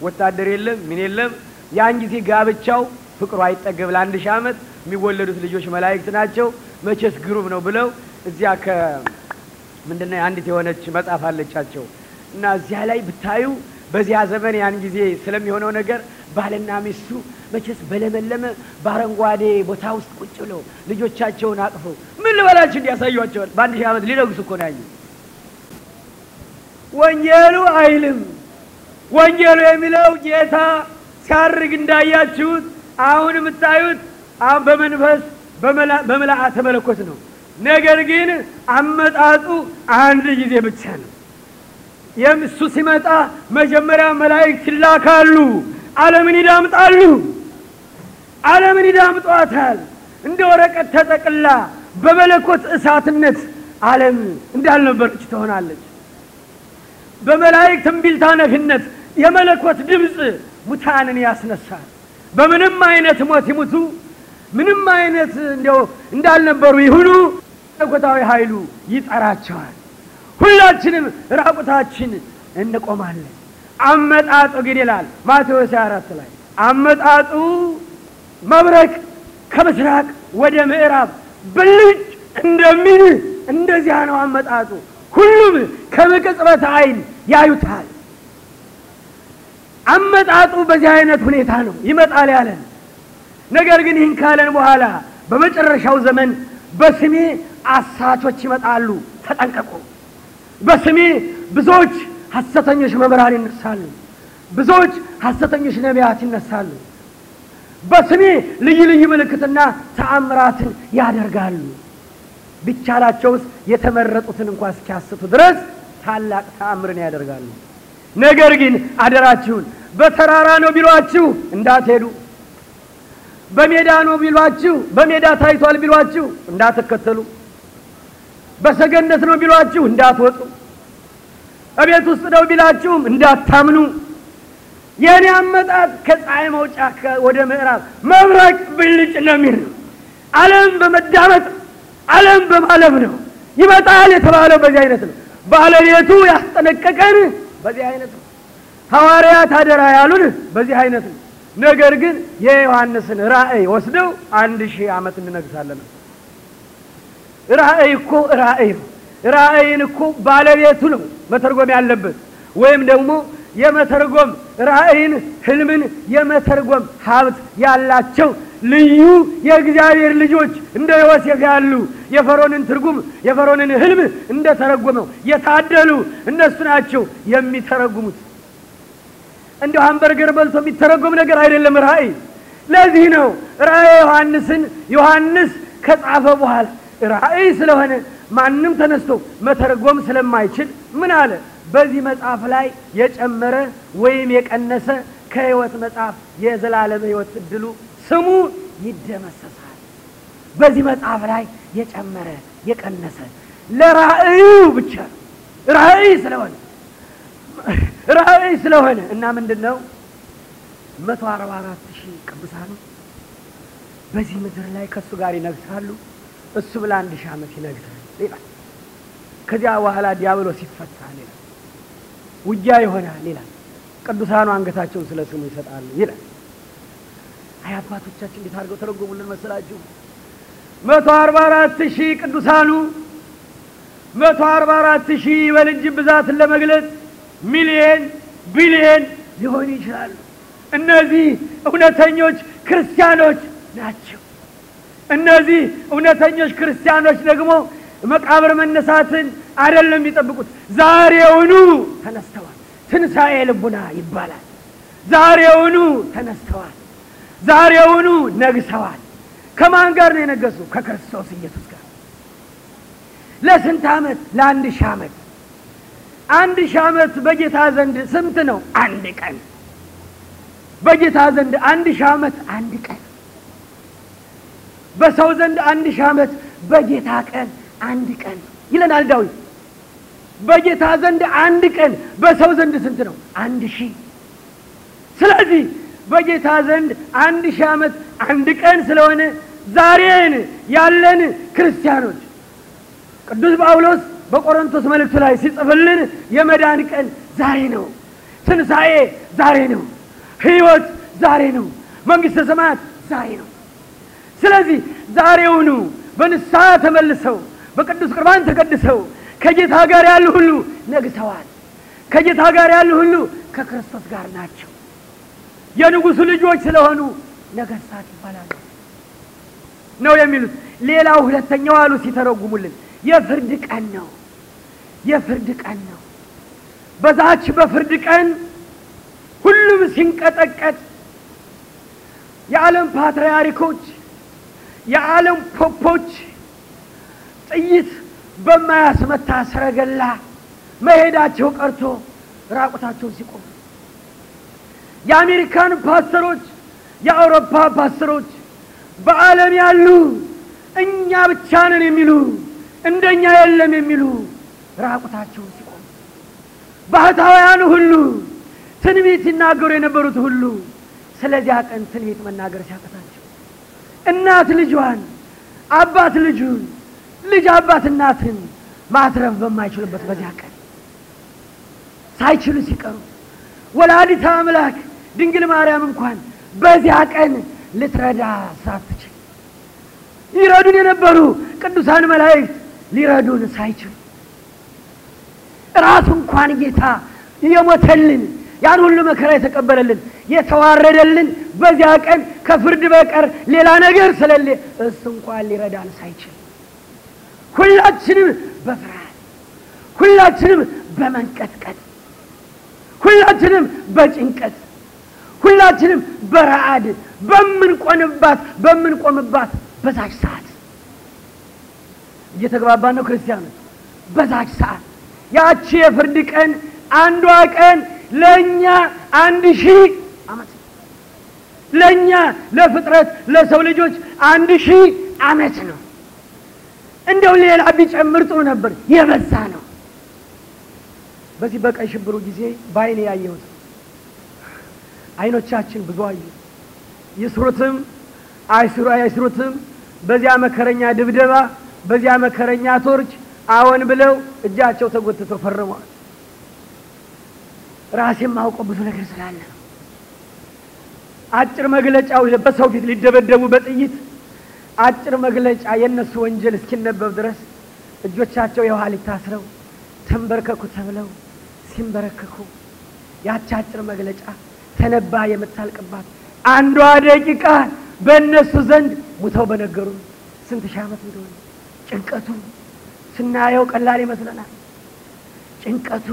ወታደር የለም፣ ምን የለም ያን ጊዜ ጋብቻው ፍቅሩ አይጠገብ ለአንድ ሺህ ዓመት የሚወለዱት ልጆች መላእክት ናቸው። መቼስ ግሩም ነው ብለው እዚያ ምንድነው አንዲት የሆነች መጽሐፍ አለቻቸው እና እዚያ ላይ ብታዩ በዚያ ዘመን ያን ጊዜ ስለሚሆነው ነገር ባልና ሚስቱ መቼስ በለመለመ በአረንጓዴ ቦታ ውስጥ ቁጭ ብለው ልጆቻቸውን አቅፈው ምን ልበላችሁ እንዲያሳዩቸዋል። በአንድ ሺህ ዓመት ሊነግሱ እኮ ነው። ያየ ወንጌሉ አይልም። ወንጌሉ የሚለው ጌታ ሲያርግ እንዳያችሁት አሁን የምታዩት አሁን በመንፈስ በመላእተ መለኮት ነው። ነገር ግን አመጣጡ አንድ ጊዜ ብቻ ነው። የምሱ ሲመጣ መጀመሪያ መላእክት ይላካሉ። ዓለምን ይዳምጣሉ። ዓለምን ይዳምጧታል። እንደ ወረቀት ተጠቅላ በመለኮት እሳትነት ዓለም እንዳልነበረች ትሆናለች። በመላእክት ነፊነት የመለኮት ድምፅ ሙታንን ያስነሳል። በምንም አይነት ሞት ይሙቱ፣ ምንም አይነት እንደው እንዳልነበሩ ይሁኑ፣ መለኮታዊ ኃይሉ ይጠራቸዋል። ሁላችንም ራቁታችን እንቆማለን። አመጣጡ ግን ይላል ማቴዎስ አራት ላይ አመጣጡ መብረቅ ከምስራቅ ወደ ምዕራብ ብልጭ እንደሚል እንደዚያ ነው አመጣጡ። ሁሉም ከምቅጽበት አይን ያዩታል። አመጣጡ በዚህ አይነት ሁኔታ ነው ይመጣል ያለን። ነገር ግን ይህን ካለን በኋላ በመጨረሻው ዘመን በስሜ አሳቾች ይመጣሉ፣ ተጠንቀቁ። በስሜ ብዙዎች ሐሰተኞች መምህራን ይነሳሉ፣ ብዙዎች ሐሰተኞች ነቢያት ይነሳሉ። በስሜ ልዩ ልዩ ምልክትና ተአምራትን ያደርጋሉ። ቢቻላቸውስ የተመረጡትን እንኳ እስኪያስቱ ድረስ ታላቅ ተአምርን ያደርጋሉ። ነገር ግን አደራችሁን በተራራ ነው ቢሏችሁ እንዳትሄዱ፣ በሜዳ ነው ቢሏችሁ በሜዳ ታይቷል ቢሏችሁ እንዳትከተሉ፣ በሰገነት ነው ቢሏችሁ እንዳትወጡ፣ እቤት ውስጥ ነው ቢላችሁም እንዳታምኑ። የእኔ አመጣጥ ከፀሐይ መውጫ ወደ ምዕራብ መብረቅ ብልጭ ነው የሚል ነው። ዓለም በመዳመጥ ዓለም በማለም ነው። ይመጣል የተባለው በዚህ አይነት ነው። ባለቤቱ ያስጠነቀቀን በዚህ አይነት ነው። ሐዋርያት አደራ ያሉን በዚህ አይነት ነው። ነገር ግን የዮሐንስን ራእይ ወስደው አንድ ሺህ ዓመት እንነግሳለን። ራእይ እኮ ራእይ ነው። ራእይን እኮ ባለቤቱ ነው መተርጎም ያለበት ወይም ደግሞ የመተርጎም ራእይን፣ ህልምን የመተርጎም ሀብት ያላቸው ልዩ የእግዚአብሔር ልጆች እንደ ዮሴፍ ያሉ የፈሮንን ትርጉም የፈሮንን ህልም እንደ ተረጎመው የታደሉ እነሱ ናቸው የሚተረጉሙት። እንደ ሃምበርገር በልቶ የሚተረጎም ነገር አይደለም ራእይ። ለዚህ ነው ራእየ ዮሐንስን ዮሐንስ ከጻፈ በኋላ ራእይ ስለሆነ ማንም ተነስቶ መተርጎም ስለማይችል ምን አለ በዚህ መጽሐፍ ላይ የጨመረ ወይም የቀነሰ ከህይወት መጽሐፍ የዘላለም ህይወት እድሉ ስሙ ይደመሰሳል። በዚህ መጽሐፍ ላይ የጨመረ የቀነሰ ለራእዩ ብቻ ራእይ ስለሆነ ራእይ ስለሆነ እና ምንድን ነው መቶ አርባ አራት ሺህ ቅዱሳኑ በዚህ ምድር ላይ ከእሱ ጋር ይነግሳሉ። እሱ ብለ አንድ ሺህ ዓመት ይነግሳል ይላል። ከዚያ በኋላ ዲያብሎስ ይፈታል ይላል። ውጊያ ይሆናል ይላል። ቅዱሳኑ አንገታቸውን ስለ ስሙ ይሰጣሉ ይላል። አይ አባቶቻችን እንዴት አድርገው ተረጎሙልን መሰላችሁ? መቶ አርባ አራት ሺህ ቅዱሳኑ መቶ አርባ አራት ሺህ በልጅ ብዛትን ለመግለጽ ሚሊየን ቢሊየን ሊሆን ይችላሉ። እነዚህ እውነተኞች ክርስቲያኖች ናቸው። እነዚህ እውነተኞች ክርስቲያኖች ደግሞ መቃብር መነሳትን አይደለም የሚጠብቁት፣ ዛሬውኑ ተነስተዋል። ትንሣኤ ልቡና ይባላል። ዛሬውኑ ተነስተዋል። ዛሬውኑ ነግሰዋል። ከማን ጋር ነው የነገሱ? ከክርስቶስ ኢየሱስ ጋር ለስንት ዓመት? ለአንድ ሺህ ዓመት። አንድ ሺህ ዓመት በጌታ ዘንድ ስንት ነው? አንድ ቀን። በጌታ ዘንድ አንድ ሺህ ዓመት አንድ ቀን፣ በሰው ዘንድ አንድ ሺህ ዓመት፣ በጌታ ቀን አንድ ቀን ይለናል ዳዊት። በጌታ ዘንድ አንድ ቀን በሰው ዘንድ ስንት ነው? አንድ ሺህ። ስለዚህ በጌታ ዘንድ አንድ ሺህ ዓመት አንድ ቀን ስለሆነ ዛሬን ያለን ክርስቲያኖች ቅዱስ ጳውሎስ በቆሮንቶስ መልእክቱ ላይ ሲጽፍልን የመዳን ቀን ዛሬ ነው፣ ትንሣኤ ዛሬ ነው፣ ሕይወት ዛሬ ነው፣ መንግሥተ ሰማያት ዛሬ ነው። ስለዚህ ዛሬውኑ በንስሐ ተመልሰው በቅዱስ ቁርባን ተቀድሰው ከጌታ ጋር ያሉ ሁሉ ነግሰዋል። ከጌታ ጋር ያሉ ሁሉ ከክርስቶስ ጋር ናቸው። የንጉሱ ልጆች ስለሆኑ ነገስታት ይባላሉ ነው የሚሉት። ሌላው ሁለተኛው አሉ ሲተረጉሙልን የፍርድ ቀን ነው። የፍርድ ቀን ነው። በዛች በፍርድ ቀን ሁሉም ሲንቀጠቀጥ የዓለም ፓትርያርኮች፣ የዓለም ፖፖች ጥይት በማያስመታ ሰረገላ መሄዳቸው ቀርቶ ራቁታቸውን ሲቆሙ የአሜሪካን ፓስተሮች፣ የአውሮፓ ፓስተሮች፣ በዓለም ያሉ እኛ ብቻ ነን የሚሉ እንደኛ የለም የሚሉ ራቁታቸውን ሲቆሙ ባህታውያን ሁሉ ትንቢት ሲናገሩ የነበሩት ሁሉ ስለዚያ ቀን ትንቢት መናገር ሲያቀታቸው እናት ልጇን አባት ልጁን ልጅ አባት እናትን ማትረፍ በማይችሉበት በዚያ ቀን ሳይችሉ ሲቀሩ ወላዲተ አምላክ ድንግል ማርያም እንኳን በዚያ ቀን ልትረዳ ሳትችል ይረዱን የነበሩ ቅዱሳን መላእክት ሊረዱን ሳይችሉ ራሱ እንኳን ጌታ የሞተልን ያን ሁሉ መከራ የተቀበለልን የተዋረደልን በዚያ ቀን ከፍርድ በቀር ሌላ ነገር ስለሌ እሱ እንኳን ሊረዳን ሳይችል ሁላችንም በፍርሃት ሁላችንም በመንቀጥቀጥ ሁላችንም በጭንቀት ሁላችንም በረአድ በምንቆንባት በምንቆምባት በዛች ሰዓት እየተግባባ ነው ክርስቲያኖች። በዛች ሰዓት ያቺ የፍርድ ቀን አንዷ ቀን ለእኛ አንድ ሺህ ዓመት ለእኛ ለፍጥረት ለሰው ልጆች አንድ ሺህ ዓመት ነው። እንደው ሌላ ቢጨምር ጥሩ ነበር። የበዛ ነው። በዚህ በቀይ ሽብሩ ጊዜ በአይኔ ያየሁት አይኖቻችን ብዙ አዩ። ይስሩትም አይስሩ አይስሩትም፣ በዚያ መከረኛ ድብደባ፣ በዚያ መከረኛ ቶርች አዎን ብለው እጃቸው ተጎትተው ፈርመዋል። ራሴ ማውቀው ብዙ ነገር ስላለ አጭር መግለጫው በሰው ፊት ሊደበደቡ በጥይት አጭር መግለጫ የእነሱ ወንጀል እስኪነበብ ድረስ እጆቻቸው የውሃ ሊታስረው ተንበርከኩ ተብለው ሲንበረከኩ ያቺ አጭር መግለጫ ተነባ የምታልቅባት አንዷ ደቂቃ በእነሱ ዘንድ ሙተው በነገሩ ስንት ሺህ ዓመት እንደሆነ ጭንቀቱ ስናየው ቀላል ይመስለናል። ጭንቀቱ፣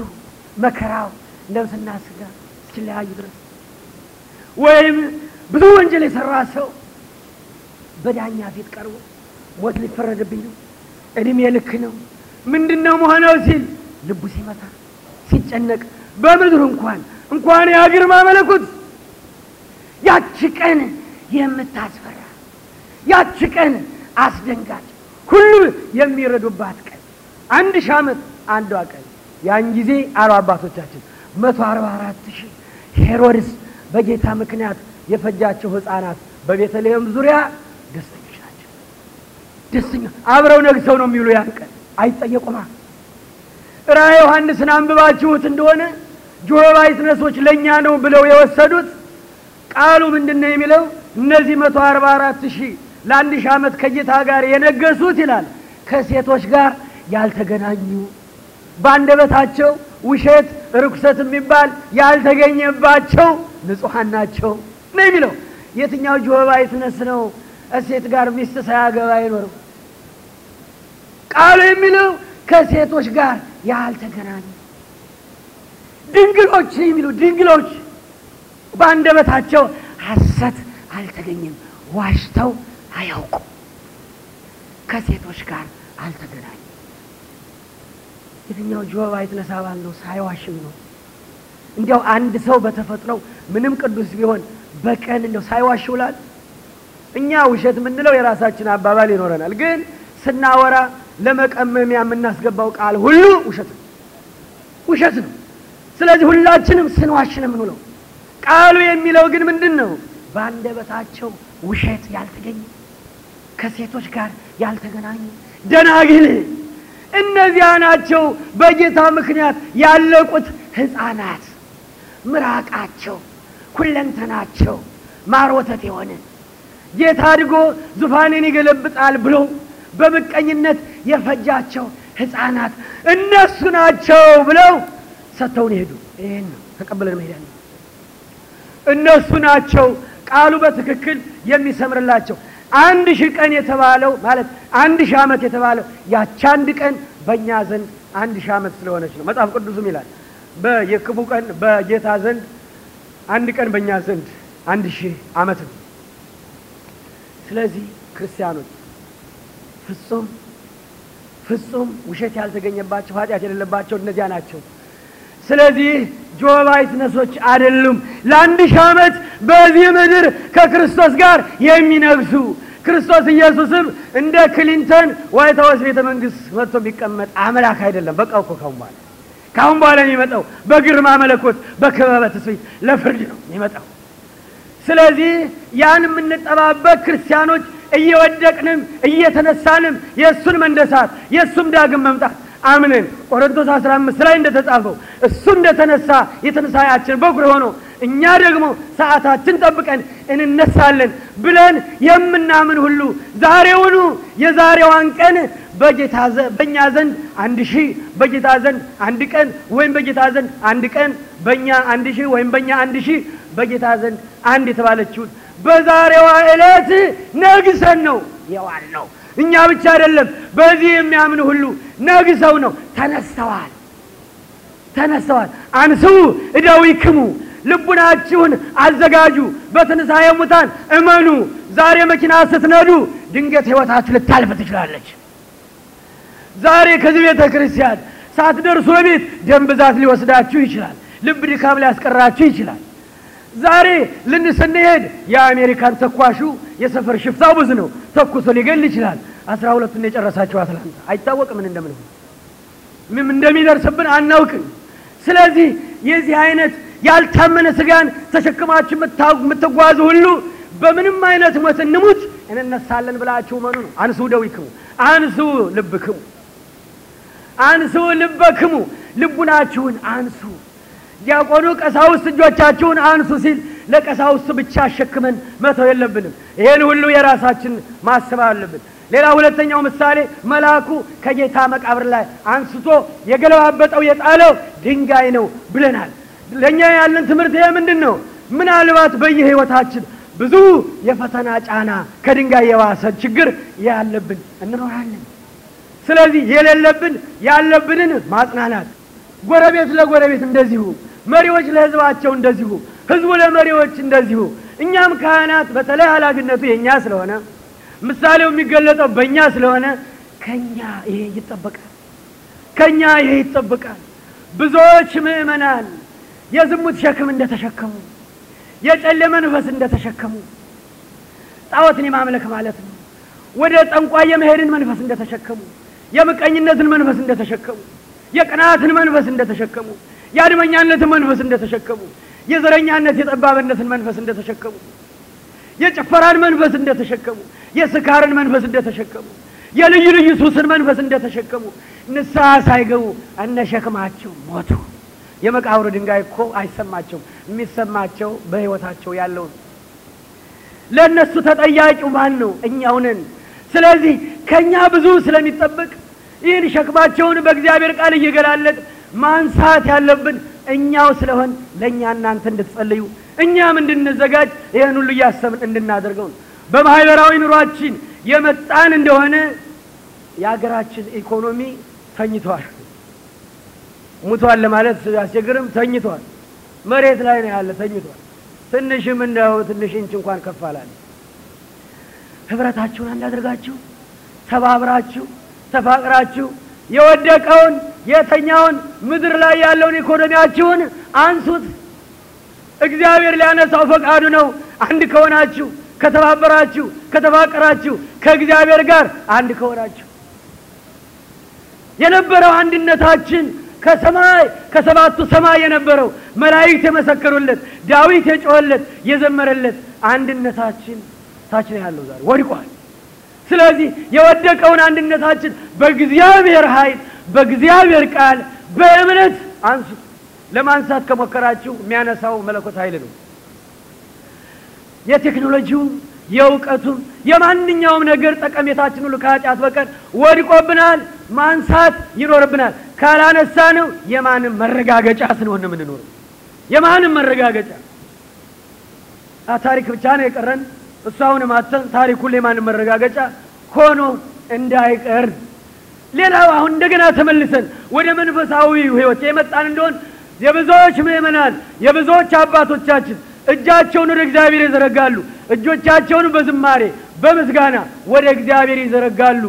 መከራው ነፍስና ስጋ እስኪለያዩ ድረስ ወይም ብዙ ወንጀል የሰራ ሰው በዳኛ ፊት ቀርቦ ሞት ሊፈረድብኝ ነው፣ እድሜ ልክ ነው፣ ምንድን ነው መሆነው ሲል ልቡ ሲመታ ሲጨነቅ፣ በምድር እንኳን እንኳን ያ ማመለኩት መለኮት ያቺ ቀን የምታስፈራ ያቺ ቀን አስደንጋጭ ሁሉም የሚረዱባት ቀን አንድ ሺህ ዓመት አንዷ ቀን ያን ጊዜ አሉ አባቶቻችን መቶ አርባ አራት ሺህ ሄሮድስ በጌታ ምክንያት የፈጃቸው ሕፃናት በቤተልሔም ዙሪያ ደስኛ አብረው ነግሰው ነው የሚሉ ያን ቀን አይጠየቁማ። ራ ዮሐንስን አንብባችሁት እንደሆነ ጆሮ ባይትነሶች ለእኛ ነው ብለው የወሰዱት ቃሉ ምንድን ነው የሚለው? እነዚህ መቶ አርባ አራት ሺህ ለአንድ ሺህ ዓመት ከጌታ ጋር የነገሱት ይላል ከሴቶች ጋር ያልተገናኙ በአንደበታቸው ውሸት ርኩሰት የሚባል ያልተገኘባቸው ንጹሐን ናቸው ነው የሚለው። የትኛው ጆባ ይትነስ ነው እሴት ጋር ሚስት ሳያገባ አይኖርም? ቃሉ የሚለው ከሴቶች ጋር ያልተገናኙ ድንግሎች የሚሉ ድንግሎች በአንደበታቸው ሐሰት አልተገኘም፣ ዋሽተው አያውቁም፣ ከሴቶች ጋር አልተገናኙ። የትኛው ጆባ የተነሳ ባል ነው? ሳይዋሽም ነው። እንዲያው አንድ ሰው በተፈጥሮው ምንም ቅዱስ ቢሆን በቀን እንደው ሳይዋሽ ውላል እኛ ውሸት የምንለው የራሳችን አባባል ይኖረናል፣ ግን ስናወራ ለመቀመሚያ የምናስገባው ቃል ሁሉ ውሸት ነው፣ ውሸት ነው። ስለዚህ ሁላችንም ስንዋሽ ነው የምንውለው። ቃሉ የሚለው ግን ምንድን ነው? በአንደበታቸው ውሸት ያልተገኘ ከሴቶች ጋር ያልተገናኙ ደናግል እነዚያ ናቸው። በጌታ ምክንያት ያለቁት ህፃናት ምራቃቸው፣ ኩለንተናቸው ማሮተት የሆነ ጌታ አድጎ ዙፋኔን ይገለብጣል ብሎ በምቀኝነት የፈጃቸው ህፃናት እነሱ ናቸው ብለው ሰጥተውን ይሄዱ። ይህን ነው ተቀብለን መሄዳለን። እነሱ ናቸው ቃሉ በትክክል የሚሰምርላቸው። አንድ ሺህ ቀን የተባለው ማለት አንድ ሺህ ዓመት የተባለው ያቺ አንድ ቀን በእኛ ዘንድ አንድ ሺህ ዓመት ስለሆነች ነው። መጽሐፍ ቅዱስም ይላል በየክፉ ቀን በጌታ ዘንድ አንድ ቀን በእኛ ዘንድ አንድ ሺህ ዓመት ነው። ስለዚህ ክርስቲያኖች ፍጹም ፍጹም ውሸት ያልተገኘባቸው ኃጢአት የሌለባቸው እነዚያ ናቸው። ስለዚህ ጆባይት ነሶች አይደሉም። ለአንድ ሺህ ዓመት በዚህ ምድር ከክርስቶስ ጋር የሚነግሱ ክርስቶስ ኢየሱስም እንደ ክሊንተን ዋይት ሀውስ ቤተ መንግስት መጥቶ የሚቀመጥ አምላክ አይደለም። በቃ እኮ ካሁን በኋላ ካሁን በኋላ የሚመጣው በግርማ መለኮት በክበበ ትስብእት ለፍርድ ነው የሚመጣው። ስለዚህ ያን የምንጠባበቅ ክርስቲያኖች እየወደቅንም እየተነሳንም የእሱን መንደሳት የእሱም ዳግም መምጣት አምነን ቆሮንቶስ 15 ላይ እንደተጻፈው እሱ እንደተነሳ የተነሳያችን በኩር ሆኖ እኛ ደግሞ ሰዓታችን ጠብቀን እንነሳለን ብለን የምናምን ሁሉ ዛሬውኑ የዛሬዋን ቀን በጌታ በእኛ ዘንድ አንድ ሺህ በጌታ ዘንድ አንድ ቀን ወይም በጌታ ዘንድ አንድ ቀን በእኛ አንድ ሺህ ወይም በእኛ አንድ ሺህ በጌታ ዘንድ አንድ የተባለችውን በዛሬዋ ዕለት ነግሰን ነው የዋል ነው። እኛ ብቻ አይደለም፣ በዚህ የሚያምን ሁሉ ነግሰው ነው ተነስተዋል። ተነስተዋል። አንስኡ እደዊክሙ፣ ልቡናችሁን አዘጋጁ፣ በትንሣኤ ሙታን እመኑ። ዛሬ መኪና ስትነዱ ድንገት ሕይወታችሁ ልታልፍ ትችላለች። ዛሬ ከዚህ ቤተ ክርስቲያን ሳትደርሱ በቤት ደም ብዛት ሊወስዳችሁ ይችላል። ልብ ድካም ሊያስቀራችሁ ይችላል። ዛሬ ልን ስንሄድ የአሜሪካን ተኳሹ የሰፈር ሽፍታው ብዙ ነው። ተኩሶ ሊገል ይችላል። አስራ ሁለቱን የጨረሳቸው አትላንታ አይታወቅም ምን እንደምን ምን እንደሚደርስብን አናውቅም። ስለዚህ የዚህ አይነት ያልታመነ ስጋን ተሸክማችሁ የምትጓዙ ሁሉ በምንም አይነት ሞት እንሙት እንነሳለን ብላችሁ መኑ ነው። አንሱ ደዊክሙ አንሱ ልብክሙ አንሱ ልበክሙ ልቡናችሁን አንሱ ዲያቆኑ ቀሳውስት እጆቻችሁን አንሱ ሲል ለቀሳውስት ብቻ አሸክመን መተው የለብንም። ይሄን ሁሉ የራሳችን ማሰብ አለብን። ሌላ ሁለተኛው ምሳሌ መልአኩ ከጌታ መቃብር ላይ አንስቶ የገለባበጠው የጣለው ድንጋይ ነው ብለናል። ለእኛ ያለን ትምህርት ይሄ ምንድን ነው? ምናልባት በየህይወታችን ብዙ የፈተና ጫና ከድንጋይ የባሰ ችግር ያለብን እንኖራለን። ስለዚህ የሌለብን ያለብንን ማጽናናት፣ ጎረቤት ለጎረቤት እንደዚሁ መሪዎች ለህዝባቸው እንደዚሁ፣ ህዝቡ ለመሪዎች እንደዚሁ። እኛም ካህናት በተለይ ኃላፊነቱ የእኛ ስለሆነ ምሳሌው የሚገለጠው በእኛ ስለሆነ ከኛ ይሄ ይጠበቃል፣ ከኛ ይሄ ይጠበቃል። ብዙዎች ምእመናን የዝሙት ሸክም እንደተሸከሙ፣ የጨለመ መንፈስ እንደተሸከሙ፣ ጣዖትን የማምለክ ማለት ነው፣ ወደ ጠንቋ የመሄድን መንፈስ እንደተሸከሙ፣ የምቀኝነትን መንፈስ እንደተሸከሙ፣ የቅናትን መንፈስ እንደተሸከሙ የአድመኛነትን መንፈስ እንደተሸከሙ፣ የዘረኛነት የጠባብነትን መንፈስ እንደተሸከሙ፣ የጭፈራን መንፈስ እንደተሸከሙ፣ የስካርን መንፈስ እንደተሸከሙ፣ የልዩ ልዩ ሱስን መንፈስ እንደተሸከሙ ንስሐ ሳይገቡ እነሸክማቸው ሞቱ። የመቃብሩ ድንጋይ እኮ አይሰማቸውም። የሚሰማቸው በሕይወታቸው ያለው ለእነሱ ተጠያቂው ማን ነው? እኛውንን ስለዚህ ከእኛ ብዙ ስለሚጠበቅ ይህን ሸክማቸውን በእግዚአብሔር ቃል እየገላለጥ ማንሳት ያለብን እኛው ስለሆን ለእኛ እናንተ እንድትጸልዩ እኛም እንድንዘጋጅ ይህን ሁሉ እያሰብን እንድናደርገው ነው። በማህበራዊ ኑሯችን የመጣን እንደሆነ የሀገራችን ኢኮኖሚ ተኝቷል። ሙቷል ለማለት ያስቸግርም፣ ተኝቷል። መሬት ላይ ነው ያለ፣ ተኝቷል። ትንሽም እንደው ትንሽ እንች እንኳን ከፍ አላለ። ህብረታችሁን አንድ ተባብራችሁ ተፋቅራችሁ የወደቀውን የተኛውን ምድር ላይ ያለውን ኢኮኖሚያችሁን አንሱት። እግዚአብሔር ሊያነሳው ፈቃዱ ነው። አንድ ከሆናችሁ፣ ከተባበራችሁ፣ ከተፋቀራችሁ፣ ከእግዚአብሔር ጋር አንድ ከሆናችሁ የነበረው አንድነታችን ከሰማይ ከሰባቱ ሰማይ የነበረው መላእክት የመሰከሩለት ዳዊት የጮኸለት የዘመረለት አንድነታችን ታች ነው ያለው ዛሬ ወድቋል። ስለዚህ የወደቀውን አንድነታችን በእግዚአብሔር ኃይል በእግዚአብሔር ቃል በእምነት አንሱ። ለማንሳት ከሞከራችሁ የሚያነሳው መለኮት ኃይል ነው። የቴክኖሎጂውም የእውቀቱም የማንኛውም ነገር ጠቀሜታችን ሁሉ ከኃጢአት በቀር ወድቆብናል። ማንሳት ይኖርብናል። ካላነሳ ነው የማንም መረጋገጫ ስንሆን የምንኖረው የማንም መረጋገጫ ታሪክ ብቻ ነው የቀረን። እሷውን ማተን ታሪኩ የማንም መረጋገጫ ሆኖ እንዳይቀር። ሌላው አሁን እንደገና ተመልሰን ወደ መንፈሳዊ ህይወት የመጣን እንደሆን የብዙዎች ምእመናን የብዙዎች አባቶቻችን እጃቸውን ወደ እግዚአብሔር ይዘረጋሉ፣ እጆቻቸውን በዝማሬ በምስጋና ወደ እግዚአብሔር ይዘረጋሉ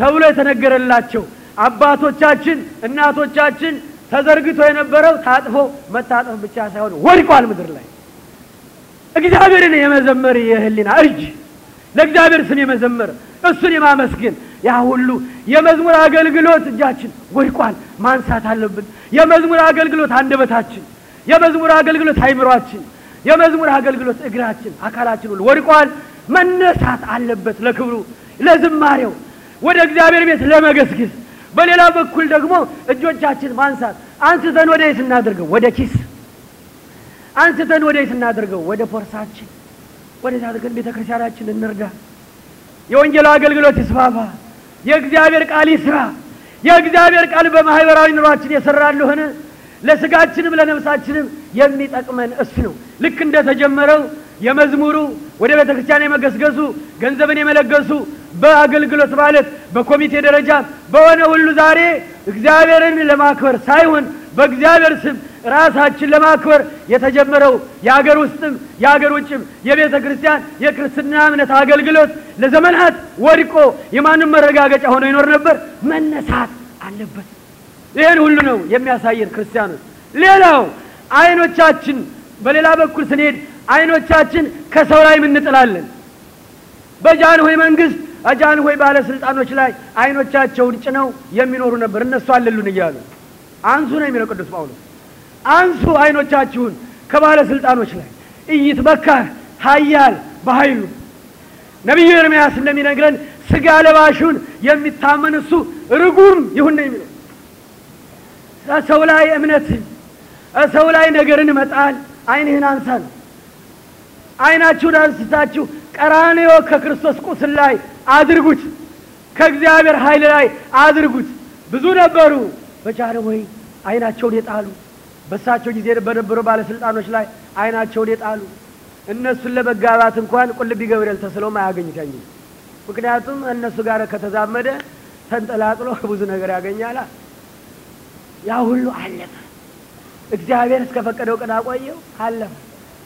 ተብሎ የተነገረላቸው አባቶቻችን እናቶቻችን ተዘርግቶ የነበረው ታጥፎ መታጠፍ ብቻ ሳይሆን ወድቋል ምድር ላይ እግዚአብሔርን የመዘመር የህሊና እጅ ለእግዚአብሔር ስም የመዘመር እሱን የማመስገን ያ ሁሉ የመዝሙር አገልግሎት እጃችን ወድቋል፣ ማንሳት አለብን። የመዝሙር አገልግሎት አንደበታችን፣ የመዝሙር አገልግሎት አይምሯችን፣ የመዝሙር አገልግሎት እግራችን፣ አካላችን ሁሉ ወድቋል፣ መነሳት አለበት። ለክብሩ ለዝማሬው ወደ እግዚአብሔር ቤት ለመገስግስ በሌላ በኩል ደግሞ እጆቻችን ማንሳት አንስተን ወደ የት እናደርገው? ወደ ኪስ አንስተን ወዴት እናድርገው? ወደ ፖርሳችን ወደዛ አድርገን ቤተ ክርስቲያናችን እንርዳ። የወንጌል አገልግሎት ይስፋፋ። የእግዚአብሔር ቃል ይስራ። የእግዚአብሔር ቃል በማህበራዊ ኑሯችን የሰራ እንደሆነ ለስጋችንም ለነፍሳችንም የሚጠቅመን እሱ ነው። ልክ እንደተጀመረው የመዝሙሩ ወደ ቤተ ክርስቲያን የመገስገሱ ገንዘብን የመለገሱ በአገልግሎት ማለት በኮሚቴ ደረጃ በሆነ ሁሉ ዛሬ እግዚአብሔርን ለማክበር ሳይሆን በእግዚአብሔር ስም ራሳችን ለማክበር የተጀመረው የአገር ውስጥም የአገር ውጭም የቤተ ክርስቲያን የክርስትና እምነት አገልግሎት ለዘመናት ወድቆ የማንም መረጋገጫ ሆኖ ይኖር ነበር። መነሳት አለበት። ይህን ሁሉ ነው የሚያሳየን ክርስቲያኖች። ሌላው አይኖቻችን፣ በሌላ በኩል ስንሄድ አይኖቻችን ከሰው ላይ እንጥላለን። በጃንሆይ መንግስት አጃንሆይ ባለስልጣኖች ላይ አይኖቻቸውን ጭነው የሚኖሩ ነበር። እነሱ አለሉን እያሉ አንሱ ነው የሚለው ቅዱስ ጳውሎስ አንሱ አይኖቻችሁን ከባለስልጣኖች ላይ እይት በካ ሀያል በኃይሉ ነቢዩ ኤርምያስ እንደሚነግረን ስጋ ለባሹን የሚታመን እሱ ርጉም ይሁን ነው የሚለው። ሰው ላይ እምነትን ሰው ላይ ነገርን መጣል አይንህን አንሳ ነው። አይናችሁን አንስታችሁ ቀራንዮ ከክርስቶስ ቁስል ላይ አድርጉት፣ ከእግዚአብሔር ኃይል ላይ አድርጉት። ብዙ ነበሩ ወይ አይናቸውን የጣሉ በእሳቸው ጊዜ በነበሩ ባለስልጣኖች ላይ አይናቸውን የጣሉ እነሱን ለመጋባት እንኳን ቁልቢ ገብርኤል ተስለውም አያገኙት ያኝ ምክንያቱም እነሱ ጋር ከተዛመደ ተንጠላጥሎ ብዙ ነገር ያገኛል። ያ ሁሉ አለፈ። እግዚአብሔር እስከፈቀደው ቀን አቆየው፣ አለፈ።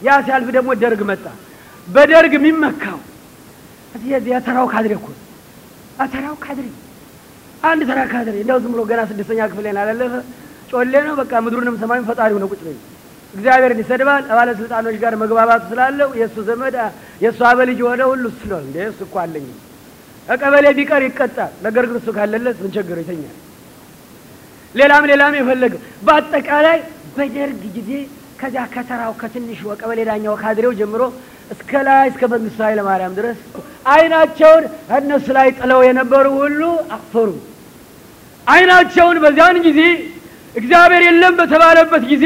ያ ሲያልፍ ደግሞ ደርግ መጣ። በደርግ የሚመካው የተራው ካድሬ እኮ ተራው ካድሬ አንድ ተራ ካድሬ እንደው ዝም ብሎ ገና ስድስተኛ ክፍል አላለፈ ጮሌ ነው። በቃ ምድሩንም ሰማዩን ፈጣሪው ነው። ቁጭ ነው። እግዚአብሔርን ይሰድባል። ከባለስልጣኖች ጋር መግባባት ስላለው የእሱ ዘመድ የእሱ አበልጅ የሆነ ሁሉ እሱ ነው። እንደ እሱ እኮ አለኝ። ቀበሌ ቢቀር ይቀጣል። ነገር ግን እሱ ካለለት ምን ቸገረው ይተኛል። ሌላም ሌላም የፈለገው በአጠቃላይ በደርግ ጊዜ ከዚያ ከተራው ከትንሽ ቀበሌ ዳኛው ካድሬው ጀምሮ እስከ ላይ እስከ መንግስቱ ማርያም ድረስ አይናቸውን እነሱ ላይ ጥለው የነበሩ ሁሉ አፈሩ። አይናቸውን በዚያን ጊዜ እግዚአብሔር የለም በተባለበት ጊዜ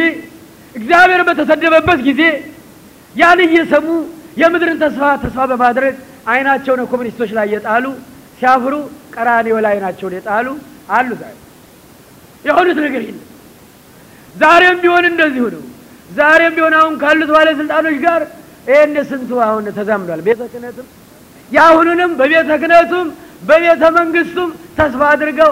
እግዚአብሔር በተሰደበበት ጊዜ ያን እየሰሙ የምድርን ተስፋ ተስፋ በማድረግ አይናቸውን ኮሚኒስቶች ላይ የጣሉ ሲያፍሩ ቀራኔው ላይ አይናቸውን የጣሉ አሉ። ዛሬ የሆኑት ነገር የለም። ዛሬም ቢሆን እንደዚሁ ነው። ዛሬም ቢሆን አሁን ካሉት ባለስልጣኖች ጋር ይህን ስንቱ አሁን ተዛምዷል። ቤተ ክህነትም የአሁኑንም በቤተ ክህነቱም በቤተ መንግስቱም ተስፋ አድርገው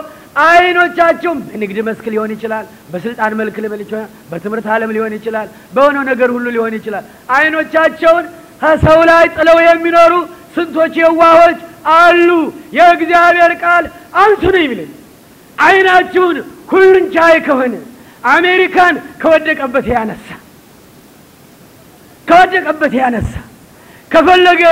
አይኖቻችሁም በንግድ መስክ ሊሆን ይችላል፣ በስልጣን መልክ ሊሆን ይችላል፣ በትምህርት ዓለም ሊሆን ይችላል፣ በሆነው ነገር ሁሉ ሊሆን ይችላል። አይኖቻቸውን ከሰው ላይ ጥለው የሚኖሩ ስንቶች የዋሆች አሉ። የእግዚአብሔር ቃል አንቱ ነው የሚለኝ። አይናችሁን ሁሉን ቻይ ከሆነ አሜሪካን ከወደቀበት ያነሳ ከወደቀበት ያነሳ ከፈለገ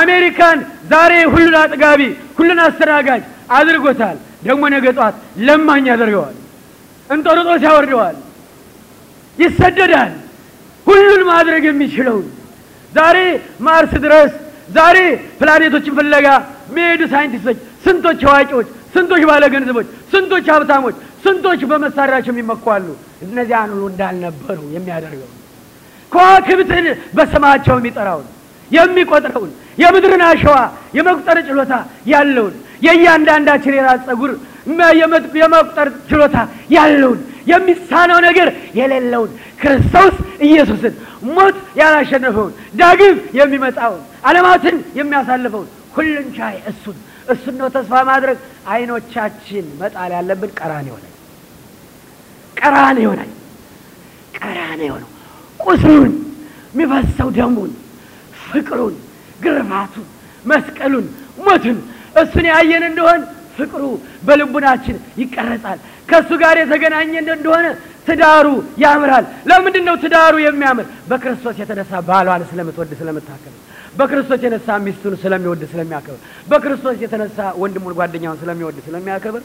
አሜሪካን ዛሬ ሁሉን አጥጋቢ ሁሉን አስተናጋጅ አድርጎታል። ደግሞ ነገ ጠዋት ለማኝ ያደርገዋል፣ እንጦርጦስ ያወርደዋል፣ ይሰደዳል። ሁሉን ማድረግ የሚችለውን ዛሬ ማርስ ድረስ ዛሬ ፕላኔቶችን ፍለጋ የሚሄዱ ሳይንቲስቶች፣ ስንቶች አዋቂዎች፣ ስንቶች ባለገንዘቦች፣ ስንቶች ሀብታሞች፣ ስንቶች በመሳሪያቸው የሚመኳሉ እነዚያን ሁሉ እንዳልነበሩ የሚያደርገው ከዋክብትን በስማቸው የሚጠራውን የሚቆጥረውን የምድርን አሸዋ የመቁጠር ችሎታ ያለውን የእያንዳንዳችን የራስ ጸጉር የመቁጠር ችሎታ ያለውን የሚሳነው ነገር የሌለውን ክርስቶስ ኢየሱስን ሞት ያላሸነፈውን ዳግም የሚመጣውን አለማትን የሚያሳልፈውን ሁሉን ቻይ እሱን እሱን ነው ተስፋ ማድረግ አይኖቻችን መጣል ያለብን ቀራን ይሆናል ቀራን ይሆናል ቀራን የሆነው ቁስሉን የሚፈሰው ደሙን ፍቅሩን ግርፋቱን መስቀሉን ሞትን እሱን ያየን እንደሆን ፍቅሩ በልቡናችን ይቀረጻል። ከእሱ ጋር የተገናኘ እንደሆነ ትዳሩ ያምራል። ለምንድን ነው ትዳሩ የሚያምር? በክርስቶስ የተነሳ ባሏን ስለምትወድ ስለምታከብር፣ በክርስቶስ የተነሳ ሚስቱን ስለሚወድ ስለሚያከብር፣ በክርስቶስ የተነሳ ወንድሙን ጓደኛውን ስለሚወድ ስለሚያከብር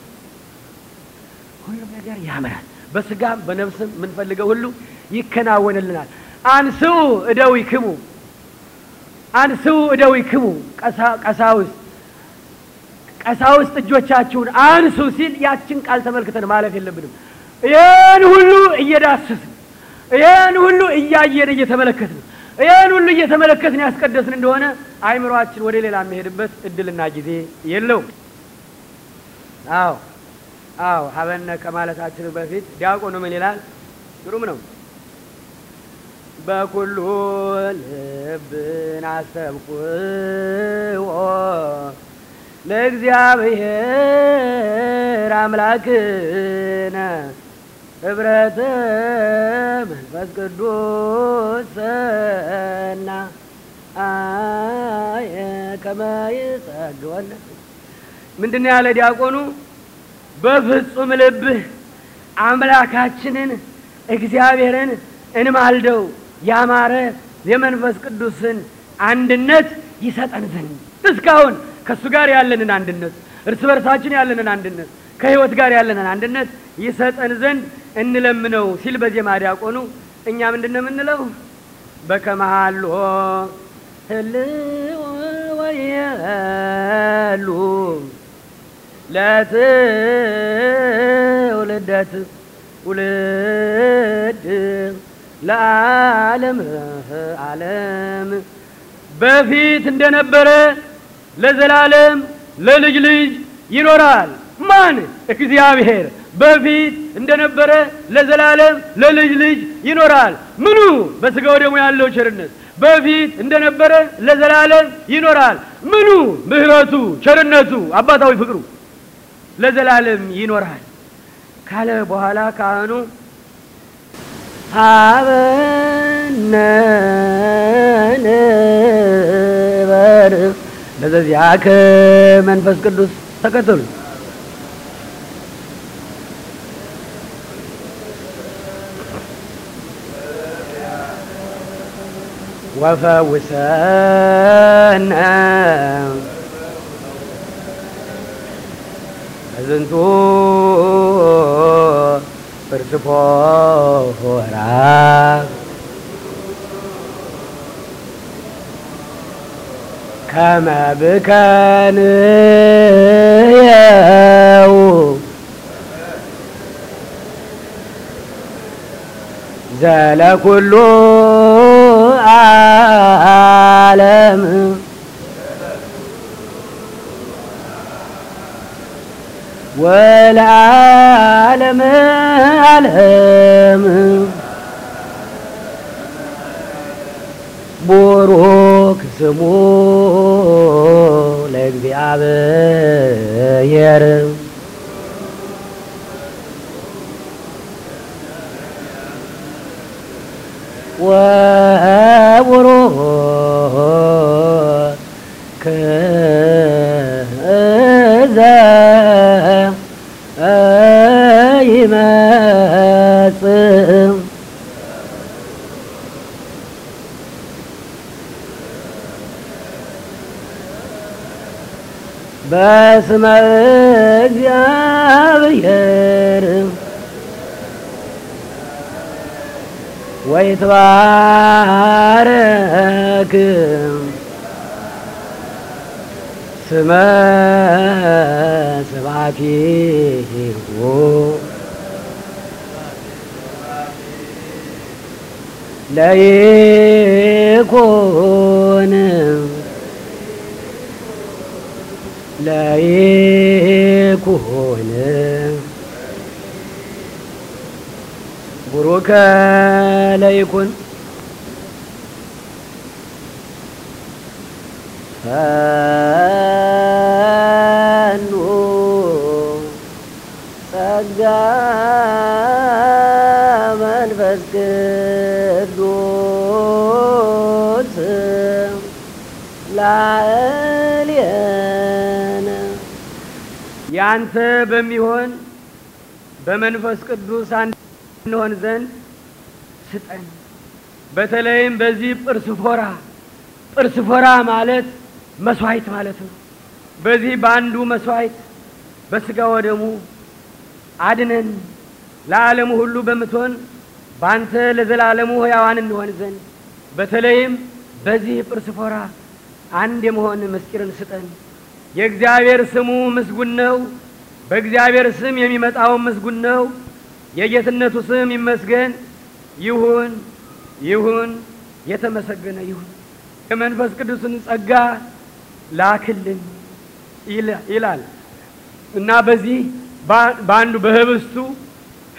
ሁሉም ነገር ያምራል። በስጋም በነፍስም የምንፈልገው ሁሉ ይከናወንልናል። አንስኡ እደዊክሙ አንስኡ እደዊክሙ ቀሳውስት ቀሳውስት እጆቻችሁን አንሱ ሲል ያችን ቃል ተመልክተን ማለፍ የለብንም። ይህን ሁሉ እየዳሰስን ይህን ሁሉ እያየን እየተመለከትን ይህን ሁሉ እየተመለከትን ያስቀደስን እንደሆነ አይምሯችን ወደ ሌላ የሚሄድበት እድልና ጊዜ የለውም። አዎ አዎ፣ ሀበነ ከማለታችን በፊት ዲያቆኑ ምን ይላል? ግሩም ነው። በኩሉ ልብን አሰብኩ ለእግዚአብሔር አምላክነ ህብረተ መንፈስ ቅዱስ ሰና አየ ከመይጸግወነ ምንድን ነው ያለ ዲያቆኑ? በፍጹም ልብህ አምላካችንን እግዚአብሔርን እንማልደው ያማረ የመንፈስ ቅዱስን አንድነት ይሰጠን ዘንድ እስካሁን ከእሱ ጋር ያለንን አንድነት፣ እርስ በርሳችን ያለንን አንድነት፣ ከህይወት ጋር ያለንን አንድነት ይሰጠን ዘንድ እንለምነው ሲል በዜማ ዲያቆኑ እኛ ምንድን ነው የምንለው? በከመሃሉ ህል ወየሉ ለትውልደት ውልድ ለዓለም ዓለም በፊት እንደነበረ ለዘላለም ለልጅ ልጅ ይኖራል። ማን? እግዚአብሔር በፊት እንደነበረ ለዘላለም ለልጅ ልጅ ይኖራል። ምኑ? በስጋው ደግሞ ያለው ቸርነት በፊት እንደነበረ ለዘላለም ይኖራል። ምኑ? ምሕረቱ፣ ቸርነቱ፣ አባታዊ ፍቅሩ ለዘላለም ይኖራል ካለ በኋላ ካህኑ አበነነ كذا ياك من فسق الدوس تكتل وفوسانا أزنتو فرسفو راق كما بكان ياو زال كل عالم والعالم عالم بروك سمو لك بعبير وبروك በስመ እግዚአብሔር ወይትባረክ ስመ ስብሐቲሁ ላይ ኩሆነ ቡሩከ ለይኩን ፈኑ ጸጋ ያንተ በሚሆን በመንፈስ ቅዱስ አንድ እንሆን ዘንድ ስጠን። በተለይም በዚህ ጵርስፎራ ጵርስፎራ ማለት መስዋዕት ማለት ነው። በዚህ በአንዱ መስዋዕት በስጋ ወደሙ አድነን ለዓለሙ ሁሉ በምትሆን በአንተ ለዘላለሙ ሕያዋን እንሆን ዘንድ በተለይም በዚህ ጵርስፎራ አንድ የመሆን ምስጢርን ስጠን። የእግዚአብሔር ስሙ ምስጉን ነው። በእግዚአብሔር ስም የሚመጣውን ምስጉን ነው። የጌትነቱ ስም ይመስገን። ይሁን ይሁን፣ የተመሰገነ ይሁን። የመንፈስ ቅዱስን ጸጋ ላክልን ይላል እና በዚህ በአንዱ በህብስቱ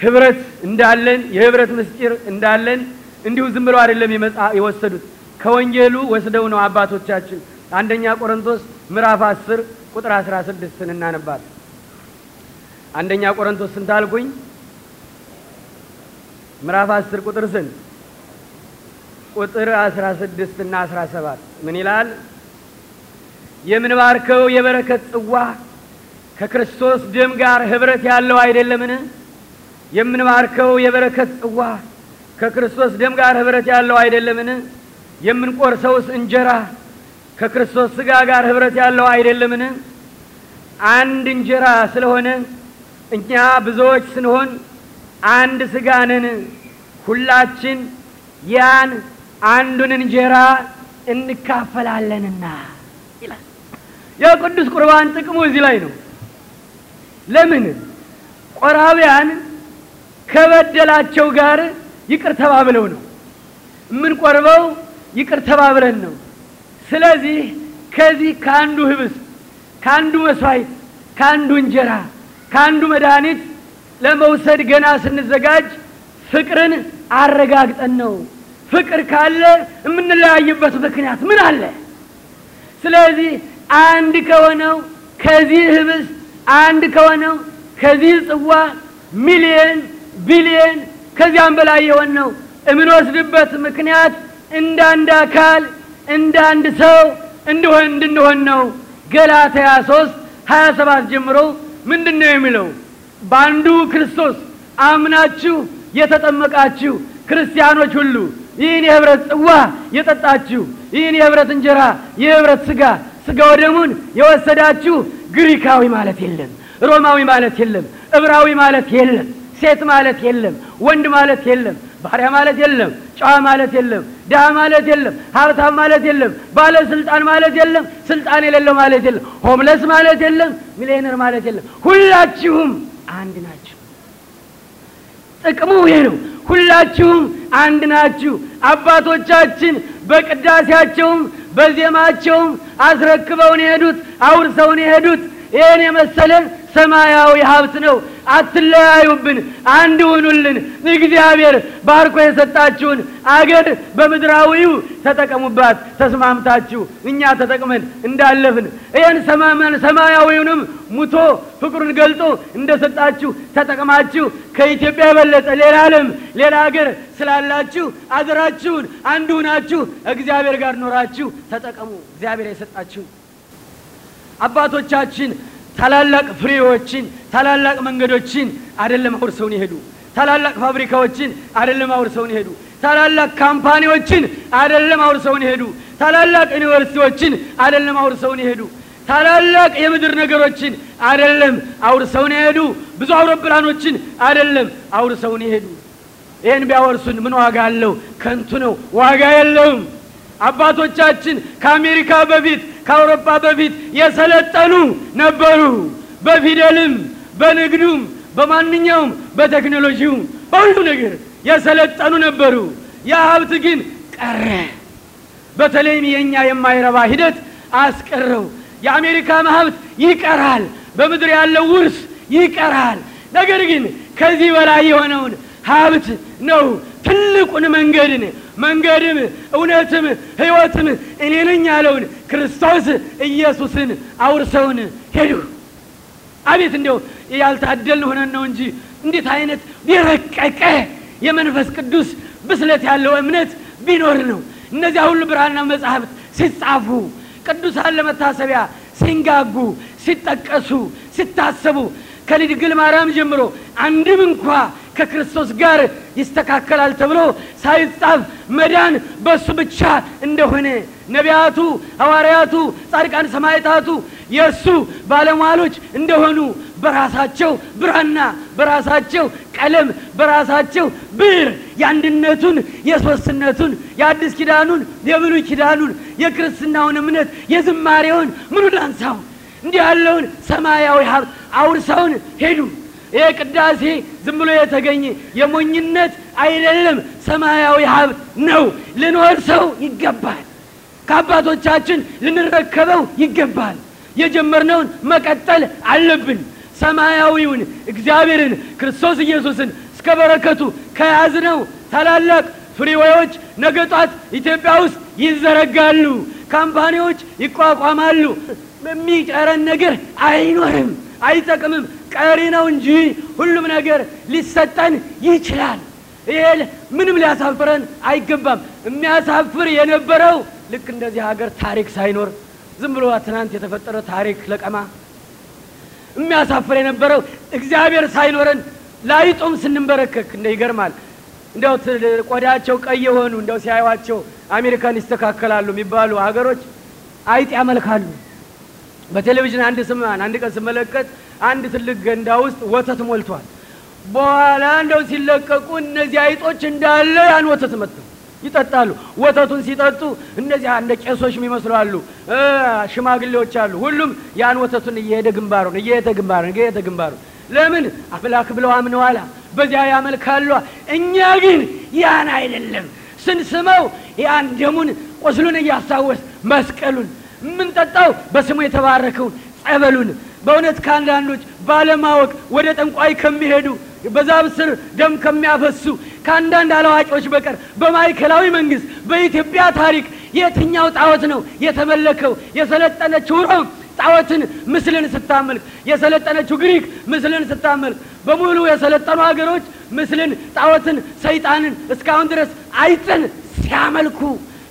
ህብረት እንዳለን የህብረት ምስጢር እንዳለን እንዲሁ ዝም ብለው አይደለም የወሰዱት፣ ከወንጌሉ ወስደው ነው አባቶቻችን አንደኛ ቆሮንቶስ ምዕራፍ 10 ቁጥር 16 እናነባለን። አንደኛ ቆሮንቶስ ስንት አልኩኝ? ምዕራፍ 10 ቁጥር ስንት? ቁጥር 16 እና 17 ምን ይላል? የምንባርከው የበረከት ጽዋ ከክርስቶስ ደም ጋር ህብረት ያለው አይደለምን? የምንባርከው የበረከት ጽዋ ከክርስቶስ ደም ጋር ህብረት ያለው አይደለምን? የምንቆርሰውስ እንጀራ ከክርስቶስ ስጋ ጋር ህብረት ያለው አይደለምን? አንድ እንጀራ ስለሆነ እኛ ብዙዎች ስንሆን አንድ ስጋ ነን። ሁላችን ያን አንዱን እንጀራ እንካፈላለንና ይላል። የቅዱስ ቁርባን ጥቅሙ እዚህ ላይ ነው። ለምን ቆራቢያን ከበደላቸው ጋር ይቅር ተባብለው ነው። የምንቆርበው ይቅር ተባብለን ነው። ስለዚህ ከዚህ ከአንዱ ህብስ ከአንዱ መስዋዕት ከአንዱ እንጀራ ከአንዱ መድኃኒት ለመውሰድ ገና ስንዘጋጅ ፍቅርን አረጋግጠን ነው። ፍቅር ካለ የምንለያይበት ምክንያት ምን አለ? ስለዚህ አንድ ከሆነው ከዚህ ህብስ አንድ ከሆነው ከዚህ ጽዋ ሚሊየን ቢሊየን ከዚያም በላይ የሆነው የምንወስድበት ምክንያት እንዳንድ አካል እንደ አንድ ሰው እንደሆን እንድንሆን ነው። ገላትያ ሶስት ሀያ ሰባት ጀምሮ ምንድን ነው የሚለው? በአንዱ ክርስቶስ አምናችሁ የተጠመቃችሁ ክርስቲያኖች ሁሉ ይህን የህብረት ጽዋ የጠጣችሁ ይህን የህብረት እንጀራ የህብረት ስጋ ስጋ ወደሙን የወሰዳችሁ ግሪካዊ ማለት የለም፣ ሮማዊ ማለት የለም፣ እብራዊ ማለት የለም፣ ሴት ማለት የለም፣ ወንድ ማለት የለም፣ ባሪያ ማለት የለም፣ ጨዋ ማለት የለም፣ ድሃ ማለት የለም፣ ሀብታም ማለት የለም፣ ባለስልጣን ማለት የለም፣ ስልጣን የሌለው ማለት የለም፣ ሆምለስ ማለት የለም፣ ሚሊዮነር ማለት የለም። ሁላችሁም አንድ ናችሁ። ጥቅሙ ይሄ ነው። ሁላችሁም አንድ ናችሁ። አባቶቻችን በቅዳሴያቸውም በዜማቸውም አስረክበውን የሄዱት አውርሰውን የሄዱት ይህን የመሰለ ሰማያዊ ሀብት ነው። አትለያዩብን፣ አንድ ሁኑልን። እግዚአብሔር ባርኮ የሰጣችሁን አገር በምድራዊው ተጠቀሙባት። ተስማምታችሁ እኛ ተጠቅመን እንዳለፍን ይህን ሰማያዊውንም ሙቶ ፍቅሩን ገልጦ እንደሰጣችሁ ተጠቅማችሁ ከኢትዮጵያ የበለጠ ሌላ ዓለም ሌላ አገር ስላላችሁ አገራችሁን አንድ ሁናችሁ እግዚአብሔር ጋር ኖራችሁ ተጠቀሙ። እግዚአብሔር የሰጣችሁ አባቶቻችን ታላላቅ ፍሬዎችን ታላላቅ መንገዶችን አይደለም አውርሰውን ይሄዱ። ታላላቅ ፋብሪካዎችን አይደለም አውርሰውን ይሄዱ። ታላላቅ ካምፓኒዎችን አይደለም አውርሰውን ይሄዱ። ታላላቅ ዩኒቨርሲቲዎችን አይደለም አውርሰውን ይሄዱ። ታላላቅ የምድር ነገሮችን አይደለም አውርሰውን ይሄዱ። ብዙ አውሮፕላኖችን አይደለም አውርሰውን ይሄዱ። ይህን ቢያወርሱን ምን ዋጋ አለው? ከንቱ ነው፣ ዋጋ የለውም። አባቶቻችን ከአሜሪካ በፊት ከአውሮፓ በፊት የሰለጠኑ ነበሩ። በፊደልም በንግዱም በማንኛውም በቴክኖሎጂውም በሁሉ ነገር የሰለጠኑ ነበሩ። ያ ሀብት ግን ቀረ። በተለይም የእኛ የማይረባ ሂደት አስቀረው። የአሜሪካ ሀብት ይቀራል፣ በምድር ያለው ውርስ ይቀራል። ነገር ግን ከዚህ በላይ የሆነውን ሀብት ነው ትልቁን መንገድን መንገድም እውነትም ሕይወትም እኔ ነኝ ያለውን ክርስቶስ ኢየሱስን አውርሰውን ሄዱ። አቤት እንደው ያልታደልን ሆነን ነው እንጂ እንዴት አይነት የረቀቀ የመንፈስ ቅዱስ ብስለት ያለው እምነት ቢኖር ነው። እነዚያ ሁሉ ብርሃና መጽሐፍት ሲጻፉ ቅዱሳን ለመታሰቢያ ሲንጋጉ፣ ሲጠቀሱ፣ ሲታሰቡ ከድንግል ማርያም ጀምሮ አንድም እንኳ ከክርስቶስ ጋር ይስተካከላል ተብሎ ሳይጻፍ መዳን በሱ ብቻ እንደሆነ ነቢያቱ፣ ሐዋርያቱ፣ ጻድቃን፣ ሰማዕታቱ የእሱ ባለሟሎች እንደሆኑ በራሳቸው ብራና፣ በራሳቸው ቀለም፣ በራሳቸው ብር የአንድነቱን፣ የሶስትነቱን፣ የአዲስ ኪዳኑን፣ የብሉይ ኪዳኑን፣ የክርስትናውን እምነት፣ የዝማሬውን ምኑ እንዲህ ያለውን ሰማያዊ ሀብት አውርሰውን ሄዱ። ይሄ ቅዳሴ ዝም ብሎ የተገኘ የሞኝነት አይደለም፣ ሰማያዊ ሀብት ነው። ሰው ይገባል። ከአባቶቻችን ልንረከበው ይገባል። የጀመርነውን መቀጠል አለብን። ሰማያዊውን እግዚአብሔርን ክርስቶስ ኢየሱስን እስከ በረከቱ ከያዝነው ታላላቅ ፍሪዌዎች ነገ ጧት ኢትዮጵያ ውስጥ ይዘረጋሉ። ካምፓኒዎች ይቋቋማሉ። የሚጨረን ነገር አይኖርም፣ አይጠቅምም። ቀሪ ነው እንጂ ሁሉም ነገር ሊሰጠን ይችላል። ይሄ ምንም ሊያሳፍረን አይገባም። የሚያሳፍር የነበረው ልክ እንደዚህ ሀገር ታሪክ ሳይኖር ዝም ብሎ ትናንት የተፈጠረ ታሪክ ለቀማ የሚያሳፍር የነበረው እግዚአብሔር ሳይኖረን ላይጦም ስንንበረከክ እንደ ይገርማል። እንዲያው ቆዳቸው ቀይ የሆኑ እንዲያው ሲያዩዋቸው አሜሪካን ይስተካከላሉ የሚባሉ ሀገሮች አይጥ ያመልካሉ። በቴሌቪዥን አንድ ስም አንድ ቀን ስመለከት አንድ ትልቅ ገንዳ ውስጥ ወተት ሞልቷል። በኋላ እንደው ሲለቀቁ እነዚህ አይጦች እንዳለ ያን ወተት መጥተው ይጠጣሉ። ወተቱን ሲጠጡ እነዚህ እንደ ቄሶች የሚመስሉ ሽማግሌዎች አሉ። ሁሉም ያን ወተቱን እየሄደ ግንባሩን እየሄደ ግንባሩን እየሄደ ግንባሩን ለምን አፍላክ ብለው አምነዋላ፣ በዚያ ያመልካሏ እኛ ግን ያን አይደለም ስንስመው ያን ደሙን ቁስሉን እያስታወስ መስቀሉን የምንጠጣው በስሙ የተባረከውን ጸበሉን በእውነት ከአንዳንዶች ባለማወቅ ወደ ጠንቋይ ከሚሄዱ በዛብ ስር ደም ከሚያፈሱ ከአንዳንድ አላዋቂዎች በቀር በማዕከላዊ መንግስት በኢትዮጵያ ታሪክ የትኛው ጣዖት ነው የተመለከው? የሰለጠነችው ሮም ጣዖትን ምስልን ስታመልክ፣ የሰለጠነችው ግሪክ ምስልን ስታመልክ፣ በሙሉ የሰለጠኑ ሀገሮች ምስልን፣ ጣዖትን፣ ሰይጣንን እስካሁን ድረስ አይጥን ሲያመልኩ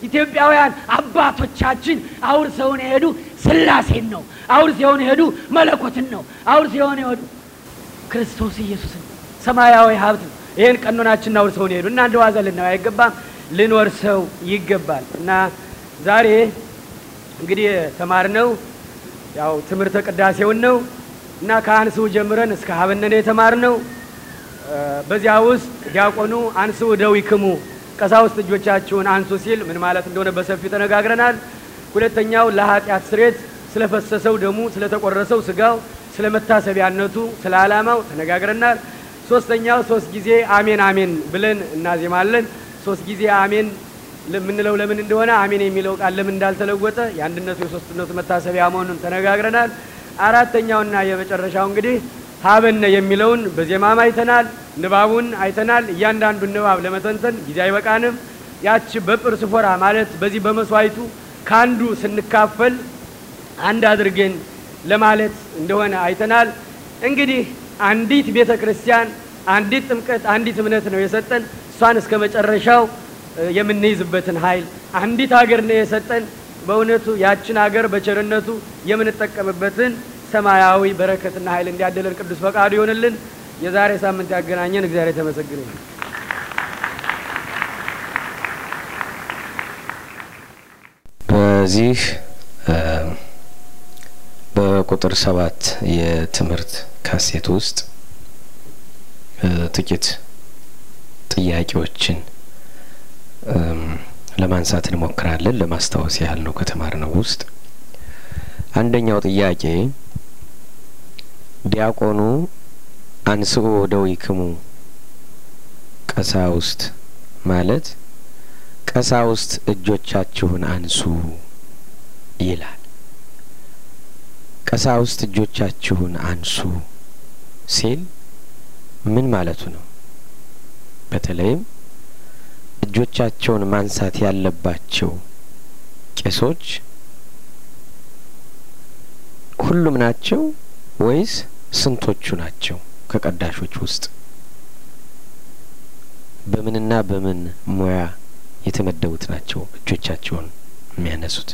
ኢትዮጵያውያን አባቶቻችን አውርሰውን የሄዱ ስላሴን ነው። አውርሰውን የሄዱ መለኮትን ነው። አውርሰውን የሄዱ ክርስቶስ ኢየሱስን ሰማያዊ ሀብት ነው። ይህን ቀኖናችን አውርሰውን የሄዱ እና እንደ ዋዛ ልናየው አይገባም፣ ልንወርሰው ይገባል እና ዛሬ እንግዲህ የተማርነው ያው ትምህርተ ቅዳሴውን ነው እና ከአንስኡ ጀምረን እስከ ሀበነነ የተማርነው በዚያ ውስጥ ዲያቆኑ አንስኡ እደዊክሙ ቀሳውስት እጆቻችሁን አንሱ ሲል ምን ማለት እንደሆነ በሰፊው ተነጋግረናል። ሁለተኛው ለኃጢአት ስሬት ስለፈሰሰው ደሙ፣ ስለተቆረሰው ስጋው፣ ስለ መታሰቢያነቱ፣ ስለ ዓላማው ተነጋግረናል። ሶስተኛው ሶስት ጊዜ አሜን አሜን ብለን እናዜማለን። ሶስት ጊዜ አሜን የምንለው ለምን እንደሆነ አሜን የሚለው ቃል ለምን እንዳልተለወጠ የአንድነቱ የሶስትነቱ መታሰቢያ መሆኑን ተነጋግረናል። አራተኛውና የመጨረሻው እንግዲህ ሀበነ የሚለውን በዜማም አይተናል፣ ንባቡን አይተናል። እያንዳንዱን ንባብ ለመተንተን ጊዜ አይበቃንም። ያች በጵርስፎራ ማለት በዚህ በመስዋዕቱ ከአንዱ ስንካፈል አንድ አድርገን ለማለት እንደሆነ አይተናል። እንግዲህ አንዲት ቤተ ክርስቲያን፣ አንዲት ጥምቀት፣ አንዲት እምነት ነው የሰጠን። እሷን እስከ መጨረሻው የምንይዝበትን ኃይል አንዲት ሀገር ነው የሰጠን። በእውነቱ ያችን ሀገር በቸርነቱ የምንጠቀምበትን ሰማያዊ በረከትና ኃይል እንዲያደለን ቅዱስ ፈቃዱ ይሆንልን። የዛሬ ሳምንት ያገናኘን እግዚአብሔር ተመሰግነ። በዚህ በቁጥር ሰባት የትምህርት ካሴት ውስጥ ጥቂት ጥያቄዎችን ለማንሳት እንሞክራለን። ለማስታወስ ያህል ነው ከተማርነው ውስጥ አንደኛው ጥያቄ ዲያቆኑ አንስኡ ደዊክሙ ቀሳውስት ማለት ቀሳውስት እጆቻችሁን አንሱ ይላል። ቀሳውስት እጆቻችሁን አንሱ ሲል ምን ማለቱ ነው? በተለይም እጆቻቸውን ማንሳት ያለባቸው ቄሶች ሁሉም ናቸው ወይስ ስንቶቹ ናቸው ከቀዳሾች ውስጥ? በምንና በምን ሙያ የተመደቡት ናቸው እጆቻቸውን የሚያነሱት?